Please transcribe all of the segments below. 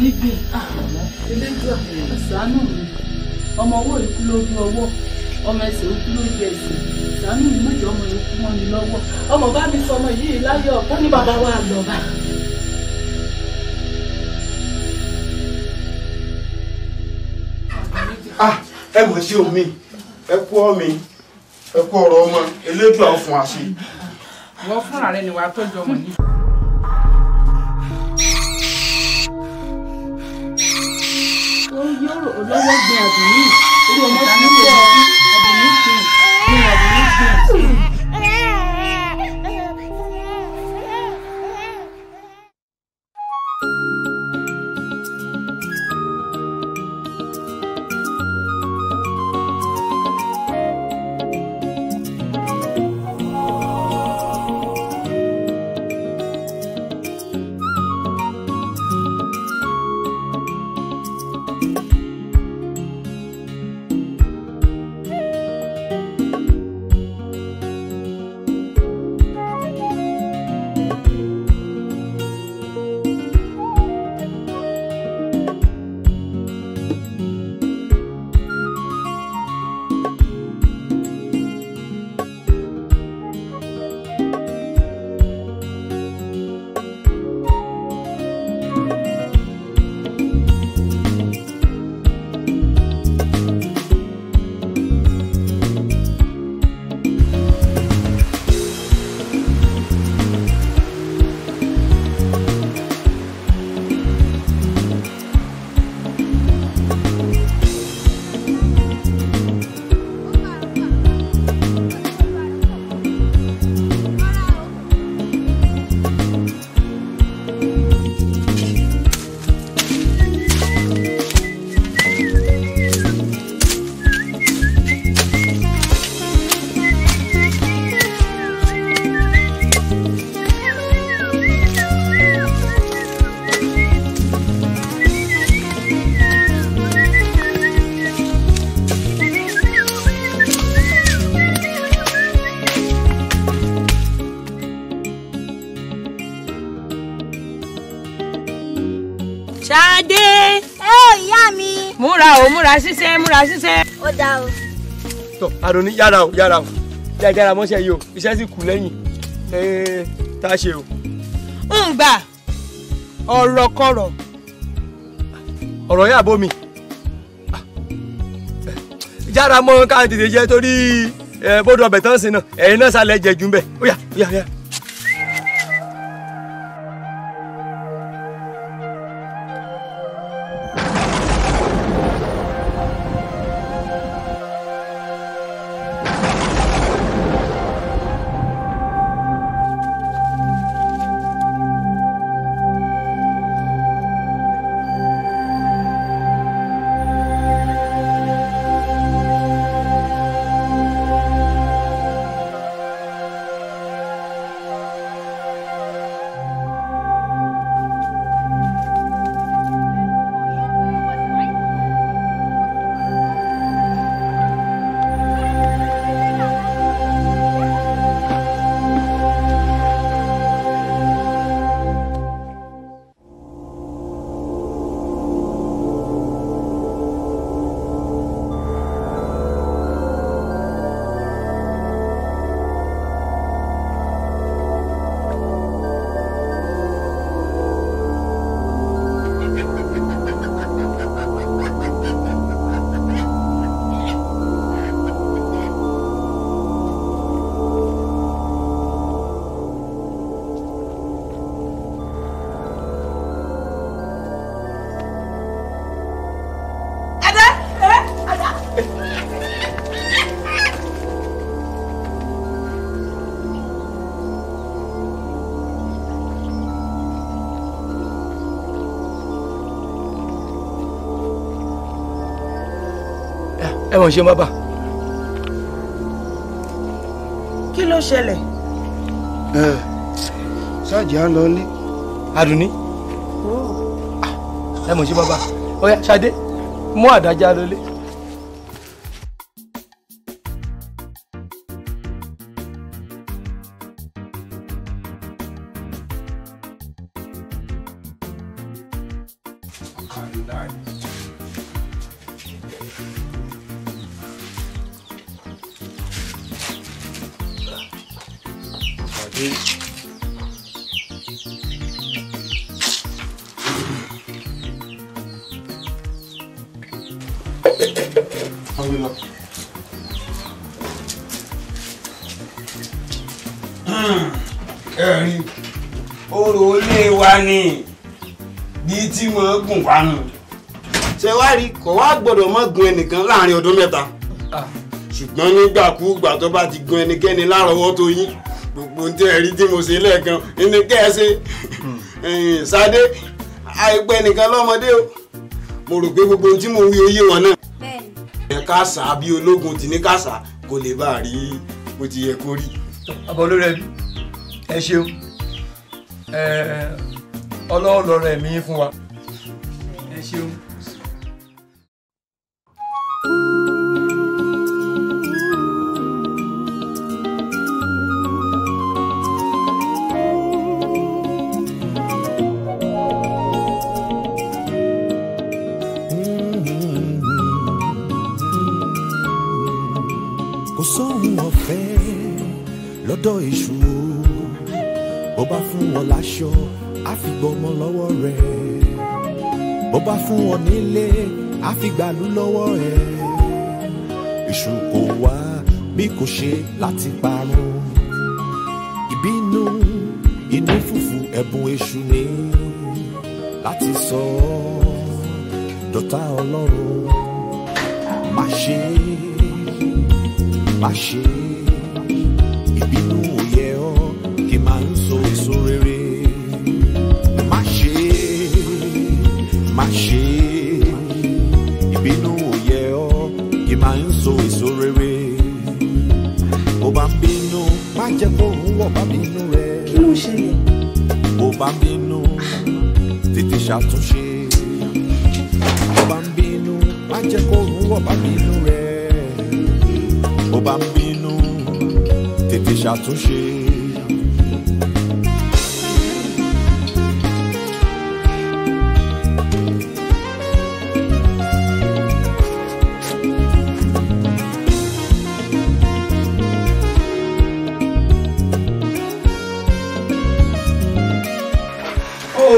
gbígbìn àmọ́ elédùà ṣàánú mi ọmọ ọwọ́ yìí kú lójú ọwọ́ ọmọ ẹsẹ̀ ó kú lójú ẹsẹ̀ ṣàánú mi mọ̀jọ́ ọmọ yìí kú mọ́ mi lọ́wọ́ ọmọ bá mi sọ ọmọ yìí láyọ̀ ọ̀pọ̀ ní bàbá wa lọ́ba. Ah, ẹ mọ̀ sí omi ẹ kú ọmi ẹ kú ọ̀rọ̀ ọmọ elédùà fún wa sí. wọ́n fúnra rẹ̀ ni wàá tọ́jú ọmọ yìí. yóò lọ́wọ́ gbin àdùnní orí ọmọ ti ń bọ̀ gbin gbin àdùnní gbin. múra ṣiṣẹ́ múra ṣiṣẹ́. ó dá o. tọ àdùnní yára o yára o yára mọ́ṣẹ́ yìí o iṣẹ́ sì kù lẹ́yìn tá a ṣe o. ń gbà ọ̀rọ̀ kọ̀rọ̀. ọ̀rọ̀ yà bómi yára mọ́ ká tètè jẹ torí bódò ọbẹ̀ tán sí náà ẹ̀yin náà sálẹ̀ jẹ jù ń bẹ̀ ó yá ó yá ó yá. ẹ̀wọ̀n ṣe má bà. kí ló ṣẹlẹ̀. ẹ ṣáàjì á lọ ní. àdùnní. Oh. Ah, ẹ̀wọ̀n ṣe má bà. ọ̀ya ṣadé mú àdájá lọlé. ẹ̀rín orò olé wa ni bíi tí mo gùn wá nù. ṣé wàá rí kò wá gbọ́dọ̀ mọ́ gun ẹnìkan láàrin ọdún mẹ́ta ah. ṣùgbọ́n nígbàkúùgbà tó bá ti gun ẹnikẹ́ni lárọ̀ọ́wọ́ tó yín gbogbo ndị ẹ̀rí tí mo ṣe lẹ́ẹ̀kan ní kẹ́ẹ̀ṣe ṣadé àìpẹ́ nìkan lọmọdé o mo rò pé gbogbo ndị mo wí oyé wọn náà. ẹ kásá bí ológun ti ní kásá kò lè bá a rí bó ti yẹ kó rí. olórí ẹbí ẹ ṣeun ọlọ́ọ̀lọ́ rẹ̀ mi fún wa ẹ ṣeun. lọ́dọ̀ èṣù o bó bá fún wọn láṣọ á fi gbọmọ lọ́wọ́ rẹ̀ bó bá fún wọn nílé á fi gbàlú lọ́wọ́ ẹ̀ èṣù kò wá bí kò ṣe láti parun ìbínú inú fùfù ẹ̀bùn èṣù ni láti sọ ọ́ dọ̀tá ọlọ́run má ṣe má ṣe. yìí máa ń so èso rere bó bá ń bínú má jẹ́ kó òun wọ̀ bá bínú rẹ̀ kí ló ń ṣẹlẹ̀ bó bá ń bínú tètè ṣàtúnṣe bó bá ń bínú má jẹ́ kó òun wọ̀ bá bínú rẹ̀ bó bá ń bínú tètè ṣàtúnṣe.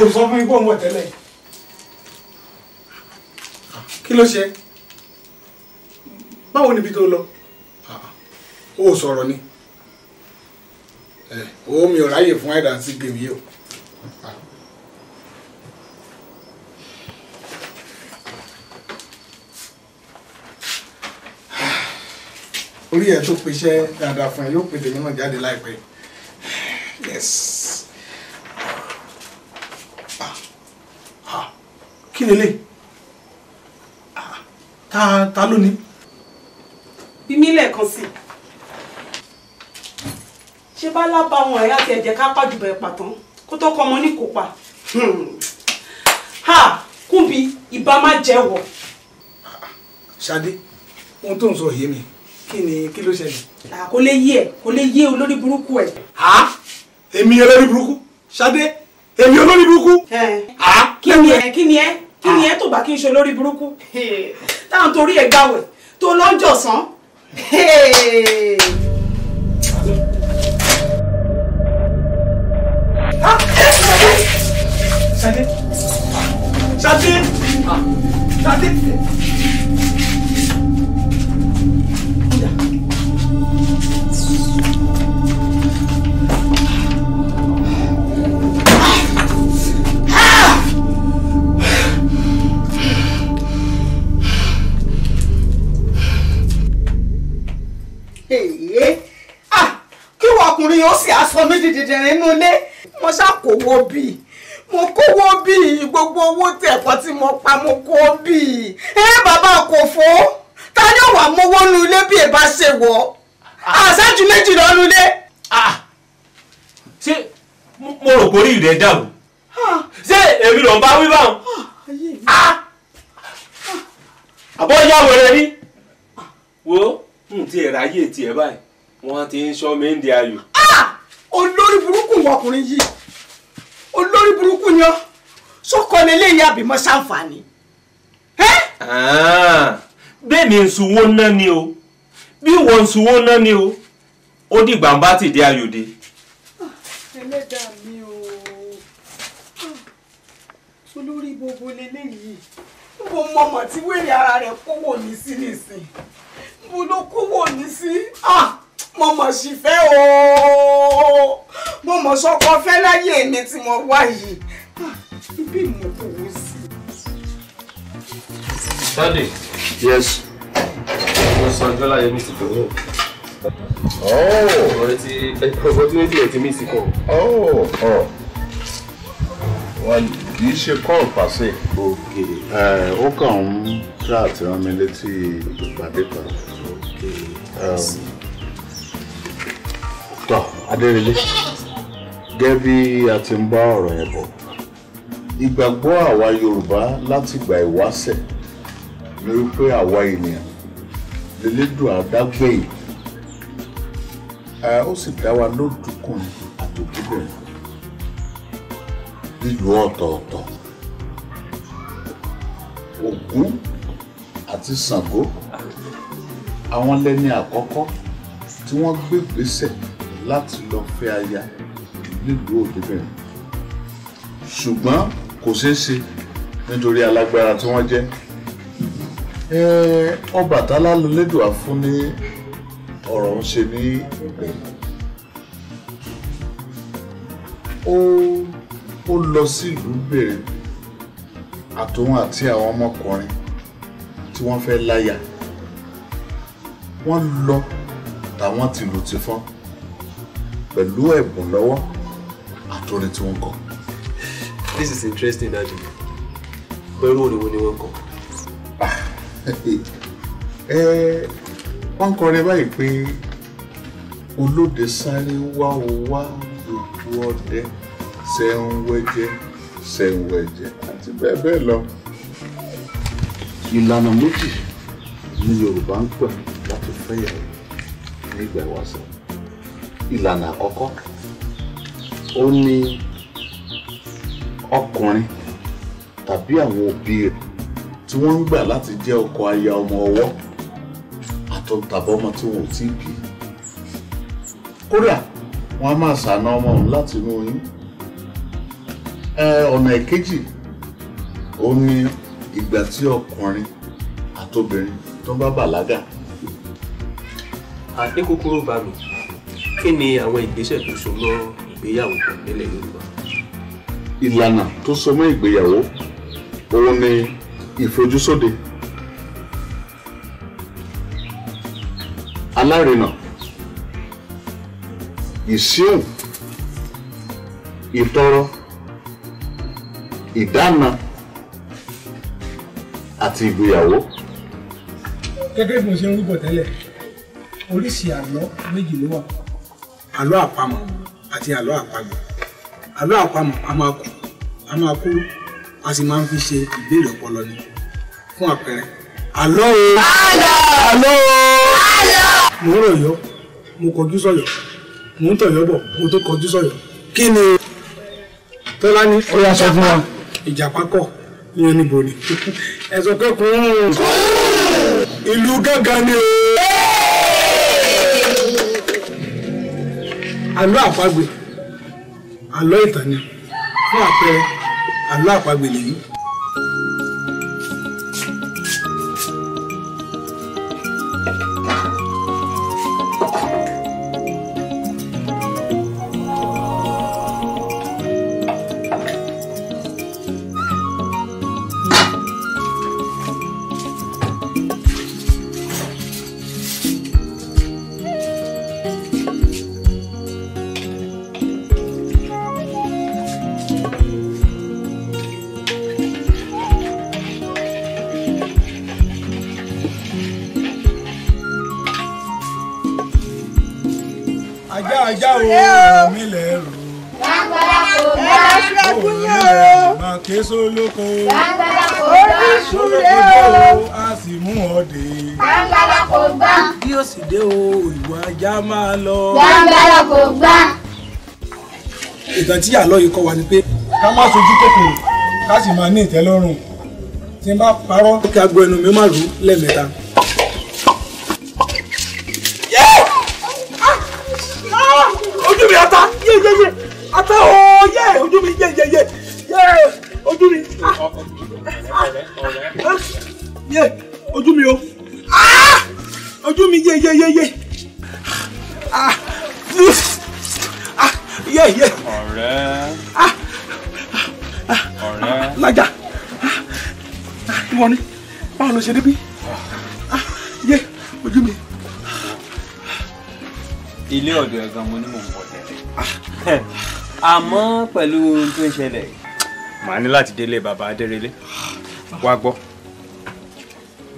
o sọ fún mi pé òun kí ló ṣe báwo níbi tó lọ ó sọ̀rọ̀ ni ó mi ò ráyè fún àìdá sí gbèmí o. orí ẹ̀ tó pèsè dáadáa fún ẹ yóò pèsè mímọ̀ jáde láìpẹ́ yes. kí lélẹ̀ ta ta ló ní. bí mi lẹ́ẹ̀kan sí ṣé bá lábá àwọn ọ̀rẹ́ àti ẹ̀jẹ̀ ká pàjùbọ̀ ẹ̀pà tán kó tó kọ́ ọmọ ní kó pa hmm. kúbi ìbá má jẹ́wọ́. ṣadé ohun tó ń sọ yé mi kí ni kí ló ṣẹlẹ̀. kò lè yé ẹ kò lè yé olórí burúkú ẹ. èmi olórí burúkú ṣadé èmi olórí burúkú. kí ni ẹ kí ni ẹ kí ni ẹ tó bá kí n ṣe lórí burúkú táwọn torí ẹ gbàwẹ̀ tó lọ́jọ́ sán. Ṣadé Ṣadé Ṣadé. dẹ̀rẹ̀dẹ̀rẹ̀ inú ilé mo ṣàkówó bíi mo kówó bíi gbogbo owó tí ẹ̀kọ́ tí mo pa mo kó bíi ẹ bàbá kò fó ta ni òwà mowó nu ilé bí ẹ bá ṣe wọ àṣájú ah. méjì lọ nu ilé. Ah. ṣé mo rò pé orí rẹ dàrú ah. ṣé èmi ló ń bá wí báwọn àbọ̀ ìyá wẹ̀rẹ̀ ni wo n ti ráyè tiẹ̀ báyìí wọ́n ti ń sọ mí ń di ayò olórí burúkú ọkùnrin yìí olórí burúkú ni ọ sọkọ ni eléyìí àbímọ ṣàǹfààní. Ah, bẹ́ẹ̀ ni nsúwó ná ni o bí ìwọ nsúwó ná ni o ó dìgbà ń ti dé ayòde. Ah, ẹlẹ́dàá mi o ah, olórí gbogbo leléyìí mo mọ ọmọ tí wèrè ara rẹ̀ kówó ní sí nìsín mo ló kówó ní sí mo mọ̀ sí fẹ́ o mo mọ̀ sọ́kọ fẹ́ láyé mi tí mo wá yìí ah, bí mo kò wò sí. Daddy. Yes. Mo sọ ọjọ́ láyé mi sí pẹ̀lú. Oh. Ọ̀rẹ́ ti opportunity ẹ̀ ti mí sí kọ́. Oh. Oh. Wọ́n kì í ṣe kọ́ pàṣẹ. Okay. Eh, ó kàn ń ṣáà tí wọ́n mi létí ìpàdé kan. Okay. Um, tọ́ adérelé gẹ́gẹ́ bí a ti ń bá ọ̀rọ̀ yẹn bọ̀ ìgbàgbọ́ àwa yorùbá látìgbà ìwáṣẹ̀ ni wípé àwa ènìyàn lélẹ́dùn àdágbẹ̀yìn ó sì dá wa lódùkùnrin àtòkúbẹ̀rẹ̀ nílùú ọ̀tọ̀ọ̀tọ̀ ògún àti ṣàngó àwọn lẹ́ni àkọ́kọ́ tí wọ́n gbé gbèsè láti lọ fẹ́ aya nílùú òdebẹ̀rẹ̀ ṣùgbọ́n kò ṣeé ṣe nítorí alágbára tí wọ́n jẹ́ Ọbàtálá lọ́lẹ́dùá fún ní ọ̀rọ̀ ń ṣe ní ìgbẹ̀yìn ó ó lọ sí ìlú bèrè àtòun àti àwọn ọmọkùnrin tí wọ́n fẹ́ láya wọ́n lọ tàwọn tìlù tìfọ́n pẹ̀lú ẹ̀bùn lọ́wọ́ àtọ́ni tí wọ́n kọ. this is interesting dadi pẹ̀lú òrìwò ni wọ́n kọ. Ah, ẹ wọ́n ń kọrin báyìí pé olóde sáré wá o wá lójú ọdẹ sẹ́ńwẹ́jẹ́ sẹ́ńwẹ́jẹ́ àti bẹ́ẹ̀ bẹ́ẹ̀ lọ. ìlànà méjì ni yorùbá ń pè láti fẹ́yàwó nígbà ìwàsàn ìlànà àkọ́kọ́ ó ní ọkùnrin tàbí àwọn òbí rẹ̀ tí wọ́n ń gbà láti jẹ́ ọkọ aya ọmọ ọwọ́ àtọ̀tàbọ̀ ọmọ tí wọn ò tí ì bí kódà wọn a máa ṣàna ọmọ òun láti inú oyún ọ̀nà ìkejì ó ní ìgbà tí ọkùnrin àtobìnrin tó bá bàlágà. àdékòkòrò bá mi kí ni àwọn ìgbésẹ̀ tó so mọ́ ìgbéyàwó pọ̀ nílẹ̀ Yorùbá. ìlànà tó so mọ́ ìgbéyàwó òun ni ìfojúsóde alárinà ìsíhùn ìtọrọ ìdána àti ìgbéyàwó. gẹ́gẹ́ bí mo ṣe ń rúbọ̀ tẹ́lẹ̀ oríṣi àlọ́ méjì ló wà àlọ́ àpamọ̀ àti àlọ́ àpagbè àlọ́ àpamọ̀ a máa kú a máa kú a sì máa ń fi ṣe ìbéèrè ọpọlọ ni fún àpẹẹrẹ àlọ́ o àlọ́ o mo ń rọ̀yọ́ mo kọjú sọ̀yọ́ mo ń tọ̀yọ́ bọ̀ mo tó kọjú sọ̀yọ́ kí ni tọ́lá ní ó yá sọ fún wa ìjàpá kọ̀ ní ẹnìbò ni ẹ sọ pé ìlú gángan ni o. àlọ́ àpagbè àlọ́ ìtàn ni fún àpẹẹrẹ àlọ́ àpagbè lèyí. lóko. gbàngàlà kò gbà. sólókò dé o a sì mú ọ dé. gbàngàlà kò gbà. bí ó sì dé o ìwà ajá máa lọ. gbàngàlà kò gbà. ìtàn tí àlọ́ yìí kọ́ wa ni pé ká má sojú kòkòrò ká sì máa ní ìtẹ́lọ́rùn tí n bá parọ́ kí agbo ẹnu mi má rú lẹ́ẹ̀mẹ́ta. Ah! Ah! ojú mi ata yé yé yé ata ooo yé ojú mi yé yé yé yé ojú mi. yé ojú mi o ojú mi yé yé yé yé yé yé. ọ̀rẹ́ ah, ọ̀rẹ́. lájà ìwọ ni báwo ló ṣe débi ah, yé ojú mi. ilé ọ̀dọ̀ ẹ̀gàn mo ní mò ń bọ̀ tẹ́lẹ̀ ah. àmọ́ pẹ̀lú ohun tó ń ṣẹlẹ̀ yìí màá ní láti délé bàbá adérelé wá gbọ́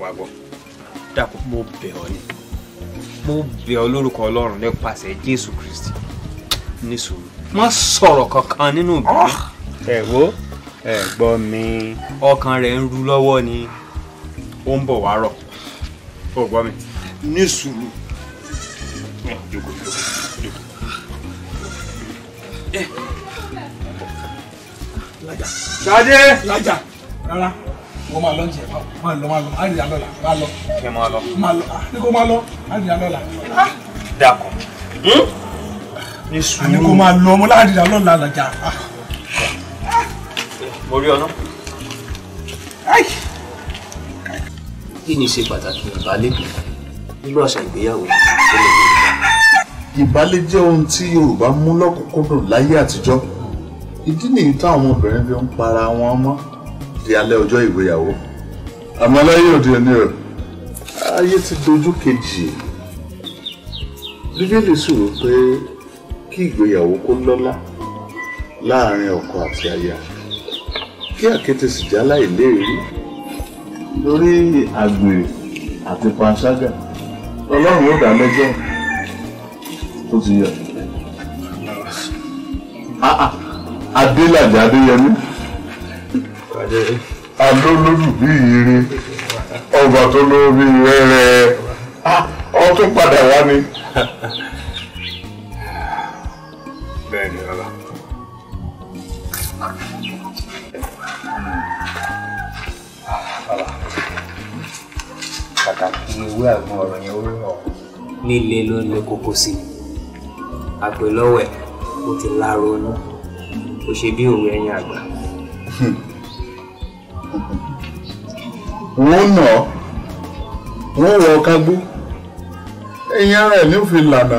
wá gbọ́ dàpọ̀ mo bẹ̀ ọ́ ni mo bẹ̀ ọ́ lórúkọ ọlọ́run nípasẹ̀ jésù kristi ní sùúrù má sọ̀rọ̀ kankan nínú ìbílẹ̀. Ah! ẹ wo ẹ gbọ́ mi. ọkàn rẹ̀ ń ru lọ́wọ́ ni ó ń bọ̀ wá ó gbọ́ mi ní sùúrù. jókòó jókòó jókòó. Ṣadé. Lájà rárá wọ́n máa lọ jẹ máa lọ máa lọ á rìnrìn àlọ́là máa lọ. kí máa lọ. máa lọ ah, ní kó máa lọ á rìnrìn àlọ́là. Ah, dàkọ hmm? ní ah, sùúrù. àní kó máa lọ ọmọ láàrin àlọ́là làjà. mo rí ọ̀nà. kí ni ṣe pàtàkì ìbálẹ̀gbẹ̀ nínú àṣà ìgbéyàwó ìbálẹ̀ jẹ́ ohun tí Yorùbá mú lọ́kùnkúndùn láyé àtijọ́ ìdí nìyí táwọn obìnrin fi ń para wọn mọ́ di alẹ́ ọjọ́ ìgbéyàwó àmọ́ láyé òde òní o ayé ti dojú kejì bíbélì sùrù pé kí ìgbéyàwó kó lọ́lá láàrin ọkọ àti aya kí àkéte sì já láìléèrí lórí àgbèrè àti panṣágà ọlọ́run ó dá lẹ́jọ́ tó ti yọ. Ah, ah adélàjà adéyẹmí adólódù bí ire ọba tó lówó bí rẹrẹ ọ ah, tún padà wá ni. bẹ́ẹ̀ni bàbá. pàtàkì ewé àgbọn ọ̀rọ̀ yẹn ó rọ̀ nílé ló ń lé kókó sí i àpè lọ́wẹ̀ ó ti láronú kò ṣe bí òwe ẹyin àgbà. wọ́n nà ọ́ wọ́n wọ kágbó ẹ̀yìn ara ẹ̀ ní òfin lànà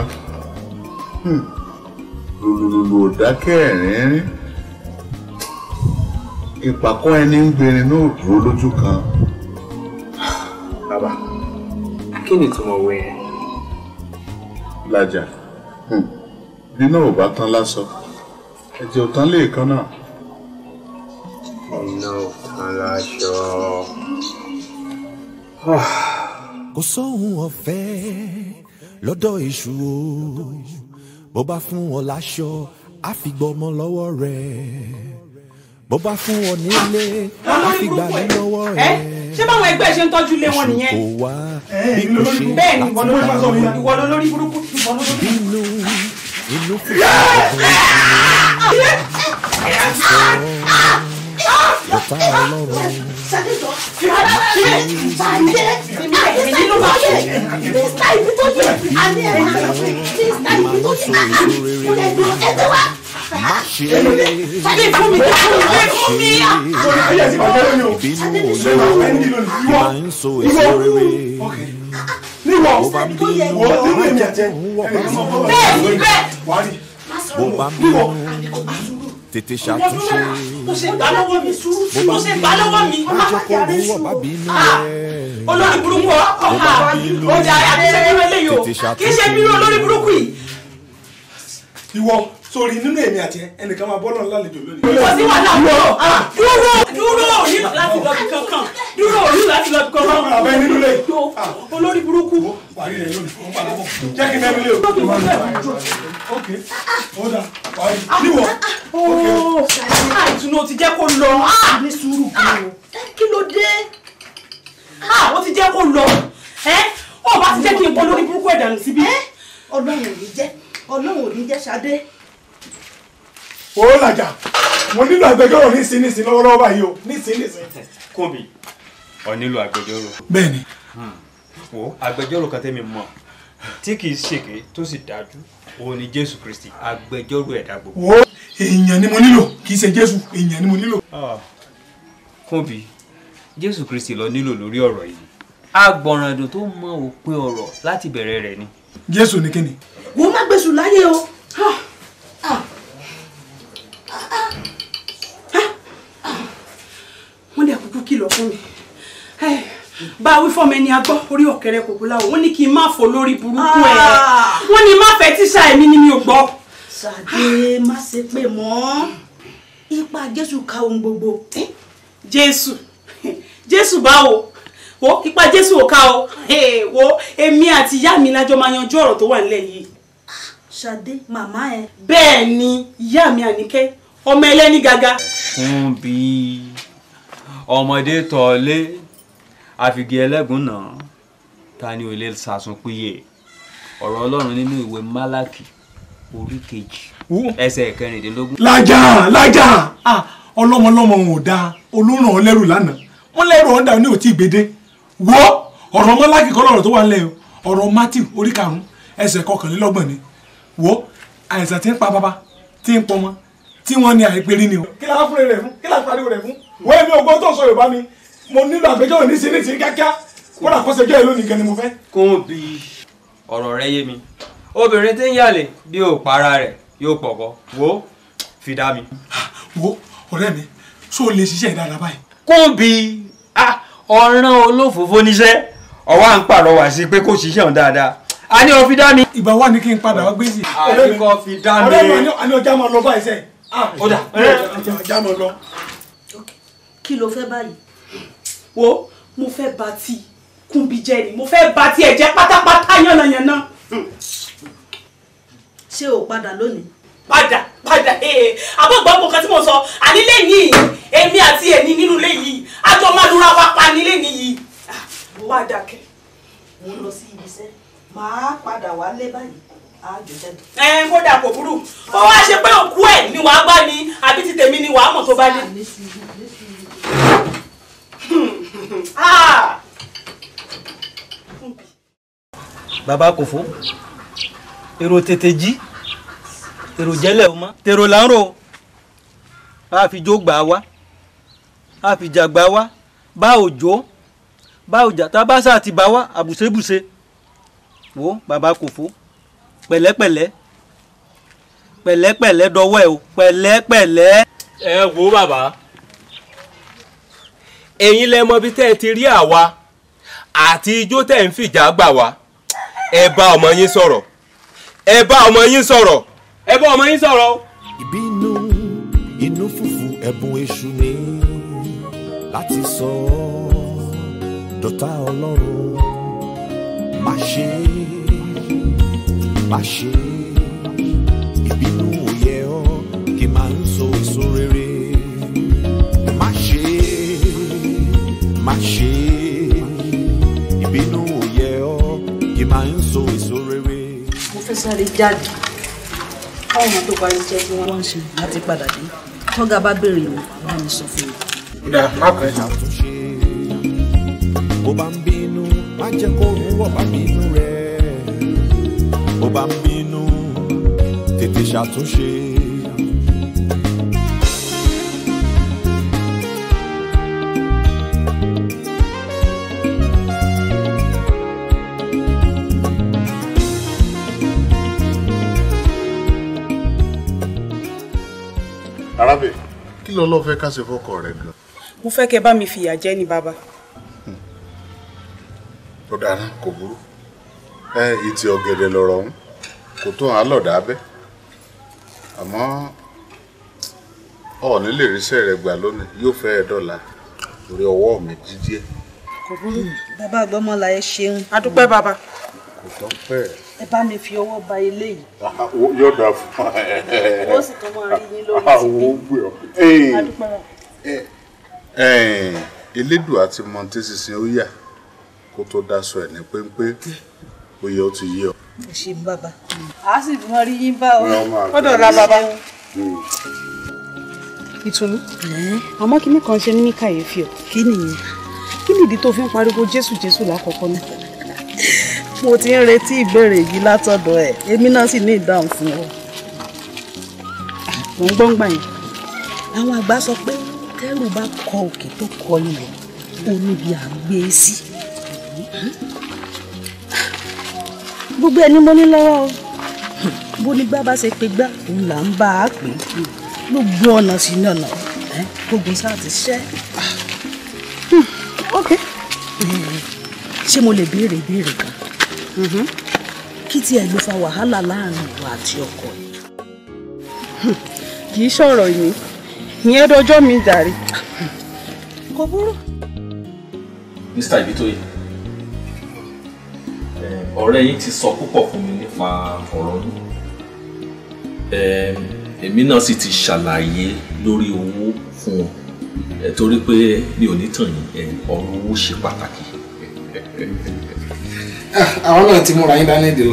hmm. lòlòlòlò ọ̀dákẹ́ ẹ̀rín ìpàkọ́ ẹni ń gbèrè náà dúró lójú kan. bàbá kí ni ìtumọ̀ òwe yẹn. lájà hmm. bí náà ò bá tán lásán ẹ̀jẹ̀ ò tán lè kan náà. iná ò tán láṣọ. kò sóhun ọ̀fẹ́ lọ́dọ̀ èṣù o bó bá fún ọ láṣọ á fi gbọmọ lọ́wọ́ rẹ̀ bó bá fún ọ nílé á fi gbà ní lọ́wọ́ rẹ̀. ṣé báwọn ẹgbẹ́ ṣe ń tọ́jú ilé wọn nìyẹn. kò ìwọ ló lórí burúkú ìwọ ló lórí burúkú. inú inú fún mi bàbá ọlọ́run. Má ṣe é, má ṣe é, bínú olówó, máa ń so èso rere. Ó bá bínú olówó, máa ń jẹ́ òun wọ̀ pẹ̀lú ọ̀pọ̀lọpọ̀ bó bá ń ah, ah, lọ tètè ṣàtúnṣe bó bá lọ́wọ́ mi bó bá lọ́wọ́ mi ọjọ́ kó mú ọba bí inú rẹ̀ olórí burúkú ọkọ̀ ọjà àdéhùn ẹgbẹ́ lẹ́yìn o kì í ṣe bí olórí burúkú yìí. ìwọ sori nínú èmi àti ẹnìkan máa bọ́ lọ́nà lálejò lónìí. kò sí wàhálà ah, dúró dúró nípa láti lọ kankan dúró òní láti lọ kọ́ máa ń bàbá ẹni nílé tó ah. olórí burúkú. parí rẹ lónìí ó ń padà bọ̀ jẹ́ kí n mẹ́rin lé o. ok ah. ó dà parí ah. níwọ̀ ok. àìtúnú oh. ti jẹ́ kó lọ ní sùúrù kúrò. kí ló dé? ó ti jẹ́ kó lọ ó bá ti jẹ́ kí n kọ́ lórí burúkú ẹ̀dà nù síbí. ọlọ́run ò ní jẹ́ ọlọ́run ò ní jẹ́ Ṣadé. ó làjà mo nílò agbẹjọ́rò nísìnyìí lọ́wọ́lọ́wọ́ báyìí o nísìnyìí. kòbí ọ nílò agbẹjọ́rò. bẹ́ẹ̀ni. Hmm. wo agbẹjọ́rò kan tẹ́mi mọ̀ tí kì í ṣèké tó sì dájú òun ni jésù kristi agbẹjọ́rò ẹ̀dá gbogbo. wo èèyàn ni mo nílò kì í ṣe jésù èèyàn ni mo nílò. Ah, kúnbi jésù kristi ló nílò lórí ọ̀rọ̀ yìí agbọ̀nràndùn tó mọ òpin ọ̀rọ̀ láti bẹ̀rẹ̀ rẹ̀ ni. jésù ni kíni. wo má gbèsù láyé o. wọ́n dẹ̀ kúkú kìlọ̀ fún mi bá a wí fọ́ mi ni a gbọ́ orí ọ̀kẹ́rẹ́ kòkó láwọ̀ wọ́n ní kí n má fò lórí burúkú ẹ̀ ah! wọ́n ní má fẹ́ tíṣà ẹ̀mí ni mi ò gbọ́. sàdé má ṣe pé mọ́ ipa jésù ka ohun gbogbo. Eh, jésù jésù báwo wo ipa jésù ò ká o wo èmi àti ìyá mi lájọ máa yanjú ọ̀rọ̀ tó wà nílẹ̀ yìí. Ah, sàdé màmá ẹ. bẹ́ẹ̀ ni ìyá mi àníkẹ́ ọmọ ẹlẹ́ni gàgà. fún bí ọmọdé tọ̀ọ́lé àfìgè ẹlẹ́gùn náà ta ni ò lè sàsùn péye ọ̀rọ̀ ọlọ́run nínú ìwé Málákì orí kejì ẹsẹ̀ kẹrìndínlógún. lájà lájà ọlọ́mọlọ́mọ ò dáa olóràn ọ lánàá wọ́n lẹ́rù ọ̀dà ní òtí ìgbédé wo ọ̀rọ̀ Málákì kọ́ lọ́rọ̀ tó wà nílẹ̀ o ọ̀rọ̀ Matthew orí karùn-ún ẹsẹ̀ kọkànlélọ́gbọ̀n ni wo àìsàn ti ń pa bàbá ti ń pọmọ tí wọ́n ní àìpérí ni o. kí la fún rẹ̀ fún kí la pariwo rẹ̀ fún wọ́n èmi ògbọ́n tó sọ Yorùbá mi mo nílò àgbẹjọ́ òní sí ní ti kíákíá kódà kó ṣèjọ́ ìlú nìkan ni mo fẹ́. kó bí ọ̀rọ̀ rẹ yé mi obìnrin tí ń yàlè bí ò para rẹ̀ yóò pọ̀kọ́ wo fi dá mi. Ah, wo ọ̀rẹ́ mi ṣó o lè ṣiṣẹ́ dáadáa báyìí. kó bí ah, ọ̀ràn olófòfó níṣẹ́ ọ̀wá ń pàrọwà sí pé kó ṣiṣẹ́ òun dáadáa a ní o fi dá mi. ìgbà wà ní kí n padà wá gbé sí. àríkọ fi dá mi. ọ̀rẹ́ mi àní ọjà máa lọ báyìí sẹ́yìn. ọjà ah, ọjà máa lọ. kí wo mo fẹ́ ba ti kúnbi jẹ́ ni mo fẹ́ ba ti ẹ̀ pátápátá yánnayànna. ṣé o padà lónìí. padà padà eh, eh. àbọ̀gbọ́ mo kan tí mo sọ ànílé yìí èmi àti ẹ̀ní nínú ilé yìí àjọ máa lura wa pa nílé nìyí. padà kẹ. mo ń lọ sí ibi iṣẹ́ màá padà wálé báyìí ẹ kódà kò burú ó wá ṣe pé òkú ẹ ni wàá bá ní àbí ti tèmi ni wàá mọ̀ tó bá ní baba kòfó èrò tètè jí èrò jẹ́lẹ̀ o mọ́ tèrò là ń rò a fi jó gbà wá a fi jà gbà wá bá òjò bá òjà tá a bá sáà ti bá wá àbùsébùsé wo baba kòfó pẹ̀lẹ́pẹ̀lẹ́ pẹ̀lẹ́pẹ̀lẹ́ dọwọ́ ẹ o pẹ̀lẹ́pẹ̀lẹ́. ẹ wo bàbá ẹ̀yin lẹ mọ bí tẹ́ ẹ ti rí àwa àti ijó tẹ́ ń fìjà gbà wá ẹ bá ọmọ yín sọ̀rọ̀ ẹ bá ọmọ yín sọ̀rọ̀ ẹ bá ọmọ yín sọ̀rọ̀. ìbínú inú fùfù ẹ̀bùn èṣù ni láti sọ ọ́ ọlọ́run má ṣe má ṣe é ìbínú ò yẹ ọ kì máa ń so èso rere. mo fẹ́ sáré jáde káwọn ọmọ tó parí jẹ́ kí wọ́n ṣe láti padà dé tọ́gà bá béèrè mi bá mi sọ fún mi. ìdá má pẹ́. bó bá ń bínú má jẹ́ kó rúwọ́ bá bínú rẹ̀ bó bá ń bínú tètè ṣàtúnṣe. arábìnrin kí ló lọ́ọ́ fẹ́ ká ṣe fọ́kọ rẹ gan. mo fẹ́ kẹ́ bá mi fìyà jẹ́ ni bàbá. Hmm. ó dáná kò burú ẹ ìtì ọ̀gẹ̀dẹ̀ lọ̀rọ̀ ọ̀hún kò tó hàn án lọ̀dà abẹ́ àmọ́ ọ̀ọ́ni lè ríṣẹ́ rẹ gbà lónìí yóò fẹ́ ẹ dọ́là torí ọwọ́ mi jíjí ẹ. kò burú hmm. bàbá àgbọ̀mọlà ẹ ṣeun. a bàbá. Mm kò tán bẹ́ẹ̀. ẹ bá mi fi ọwọ́ ba ilé yìí. yóò dà fún ẹ. ó sì tún máa rí yín lórí tv. àwọn ògbé ọ. elédùn àti mọ̀ntí sísìn ó yà kó tó dáṣọ ẹ̀ ní péńpé ó yẹ ó ti yé ọ. ẹ ṣe ń bàbá a sì fi wọn rí yín bá ọ gbọ́dọ̀ ra bàbá. Hmm. ìtùnú àmọ́ kinní kan ṣe ní kàyéfì ọ kí nìyẹn kí nìdí tó fi ń pariwo jésù jésù lákọ̀ọ́kọ́ náà mo ti ń retí ìbéèrè yìí látọ̀dọ̀ ẹ̀ èmi náà sì ní ìdáhùn fún ọ. mo ń gbọ́ngbà yẹn àwọn àgbà sọ pé tẹ́rù bá kọ òkè tó kọ ilẹ̀ ó níbi à ń gbé e sí. gbogbo ẹni mo ní lọ́wọ́ o bó ní gbá bá ṣe pé gbá òun là ń bá a pè é gbogbo ọ̀nà sí ní ọ̀nà gbogbo sáà ti ṣẹ́. Hmm, ok ṣé mo lè béèrè ìbéèrè kan. Mm-hmm. kí tiẹ̀ ló fa wàhálà láàrin ìwà àti ọkọ ẹ̀. Hmm. kì í ṣọ̀rọ̀ yìí ìyẹn dọjọ́ mi jàre. kò burú. mr ibitoye ọ̀rẹ́ yín ti sọ púpọ̀ fún mi nípa ọ̀rọ̀ yín èmi náà sì ti ṣàlàyé lórí owó fún wọn torí pé mi ò ní tàn yín ọ̀rọ̀ owó ṣe pàtàkì àwọn náà ti múra yín dání dè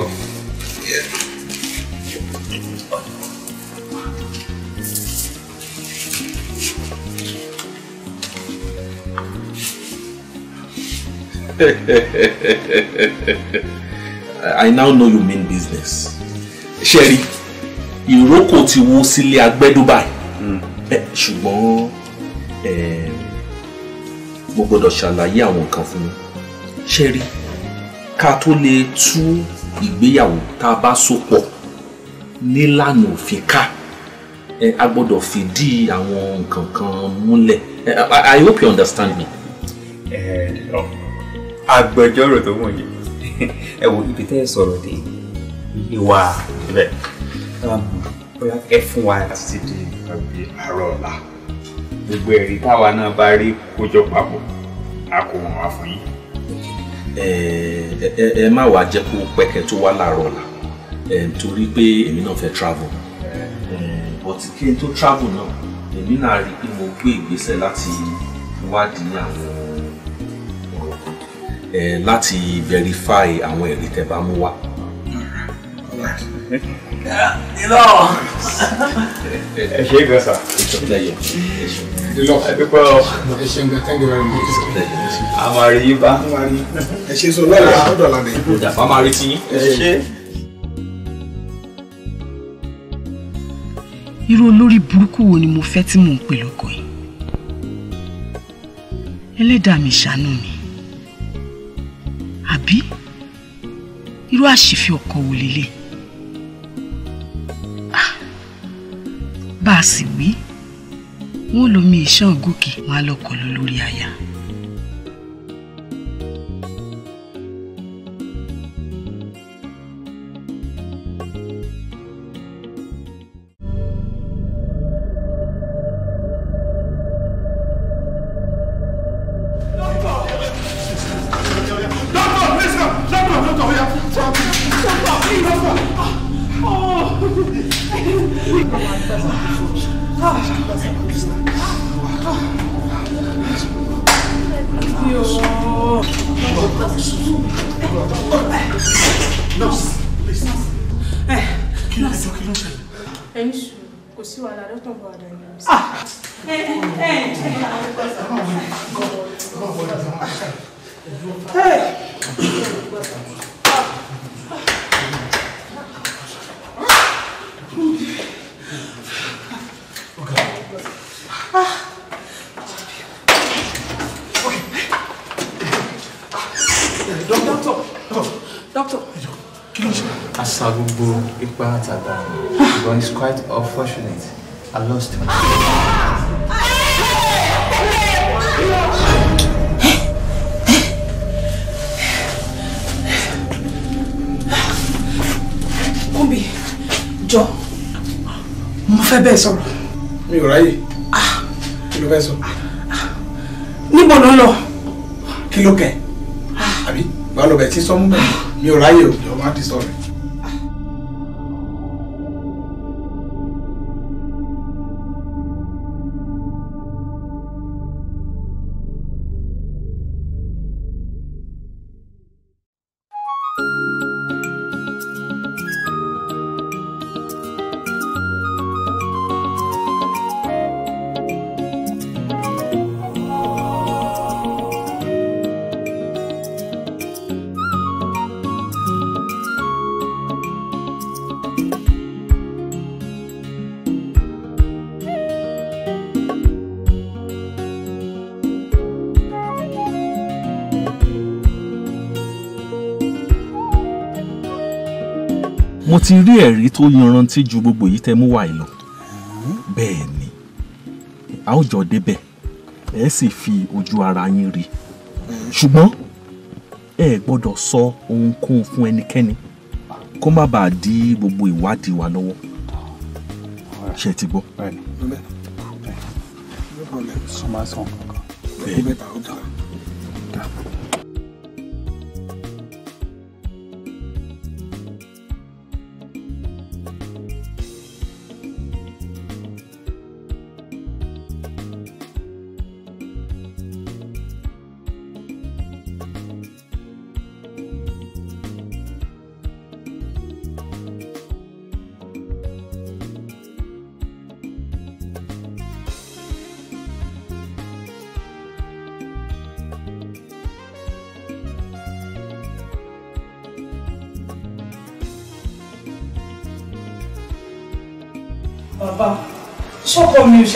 I now know you mean business. Sherry. ìrókò ti wó sílé agbẹ́dú Dubai. Hmm. Ṣùgbọ́n mo gbọ́dọ̀ ṣàlàyé àwọn kan fún mi. Ṣẹ́rí ká tó lè tú ìgbéyàwó tá a bá so pọ̀ nílànà òfin ká ẹ a gbọ́dọ̀ fìdí àwọn nǹkan kan múlẹ̀ I hope you understand me. agbẹjọ́rò tó mọ̀ yìí ẹ wo ibi tẹ́ ẹ sọ̀rọ̀ dé ìwà rẹ̀ bóyá ẹ fún wa láti di àbí àárọ̀ ọ̀la gbogbo ẹ̀rí táwa náà bá rí kójọ papọ̀ a kò wọ́n wá fún yín ẹ má wàá jẹ́ kó pẹ́kẹ́ tó wá láàárọ̀ la torí pé èmi náà fẹ́ travel but kí n tó travel náà èmi náà rí i pé mo gbé ìgbésẹ̀ láti wádìí àwọn ọ̀rọ̀ kan láti verify àwọn ẹ̀rí tẹ́ bá mú wá ìlọ. ẹ ṣe é gan sa. ìlọ ẹ dúpẹ́ o. ẹ ṣe nǹkan thank you very much. a máa rí yín bá. ẹ ṣe sọ lọ́la da la dé. ìjàpá máa rí tiyín. irú olórí burúkú wo ni mo fẹ́ tí mò ń pè lọ́kọ yìí ẹlẹ́dàá mi ṣàánú mi àbí irú àṣìfẹ́ ọkọ wo lélẹ́yìí. bá a sì wí wọn lomi ìṣàn gòkè wọn á lọ lórí aya. nurse please. ẹ kí ló ẹjọ́ kí ló ṣe. ẹni sùn kò sí wàhálà dọ́tàn bọ̀ àdá ni. ẹ ẹ ẹ ẹ ẹ máa wọlé máa wọlé máa wọlé. experts at but it's quite unfortunate. I lost him. Kumbi, Joe, mo fẹ́ bẹ́ẹ̀ so. Mi ò ráyè. Ah. Kí ló fẹ́ sọ? Ah. Níbo ló ń lọ? Kí ló kẹ̀? Ah. Àbí báwo lọ bẹ̀ tí sọ́mú Mi ò ráyè o, jọ̀ọ́ má ti sọ̀rọ̀. mo ti rí ẹ̀rí tó yanrantí ju gbogbo èyí tẹ́ mú wá yìí lọ bẹ́ẹ̀ ni a ó jọ débẹ̀ ẹ sì fi ojú ara yín rí ṣùgbọ́n ẹ gbọ́dọ̀ sọ ohunkóhun fún ẹnikẹ́ni kó má bàa di gbogbo ìwádìí wa lọ́wọ́ ṣe ti gbọ́. bẹ́ẹ̀ ni ọmọ sàn bẹ́ẹ̀ ni.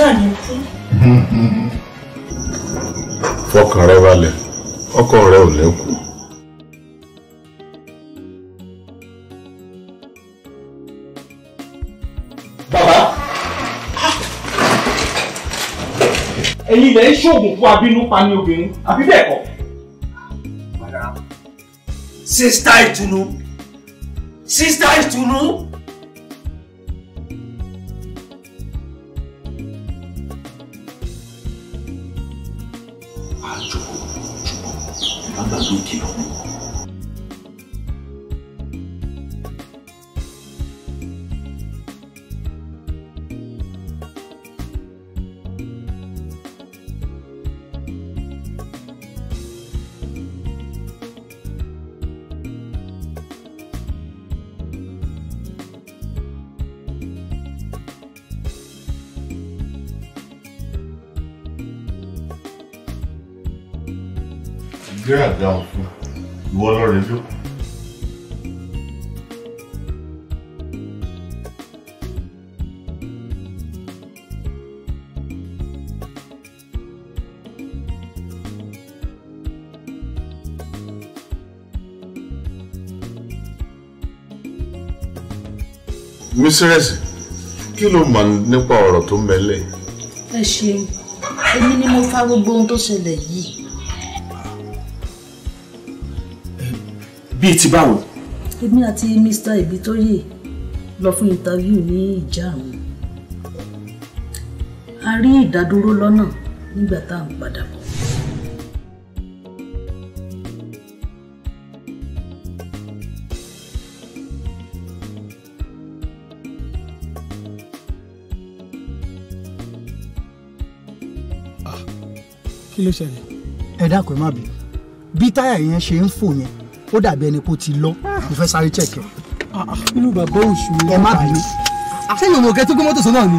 náà ní kú. fọkàn rẹ balẹ̀ ọkọ rẹ ò lẹ́kù. bàbá ẹ̀yin ilẹ̀ ń ṣoògùn fún abínú pani obìnrin àbí bẹ́ẹ̀ kọ́. sísítà ìtùnú sísítà ìtùnú. Babadook. jẹ́ àga òfin ìwọ lọ́rẹ̀ ló. mísírẹ́sì kí ló mọ̀ nípa ọ̀rọ̀ tó mẹ́lẹ̀. ẹ ṣeun èmi ni mo fa gbogbo ohun tó ṣẹlẹ̀ yìí bíi ti báwo. èmi àti Mr. Ibitoye lọ fún interview ní ìjà àwọn a rí ìdádúró lọ́nà nígbà tá à ń padà bọ̀. Ah, kí ló ṣẹlẹ̀. ẹ dákun ẹ má bínú bí táyà yẹn ṣe ń fò yẹn ó dàbí ẹni kó ti lọ mo fẹ́ sáré check ẹ. Ah, ah, inú bàbá òṣù. ẹ má bínú. sẹ́yìn òmùgẹ́ tó gbé mọ́tò sọ náà ni.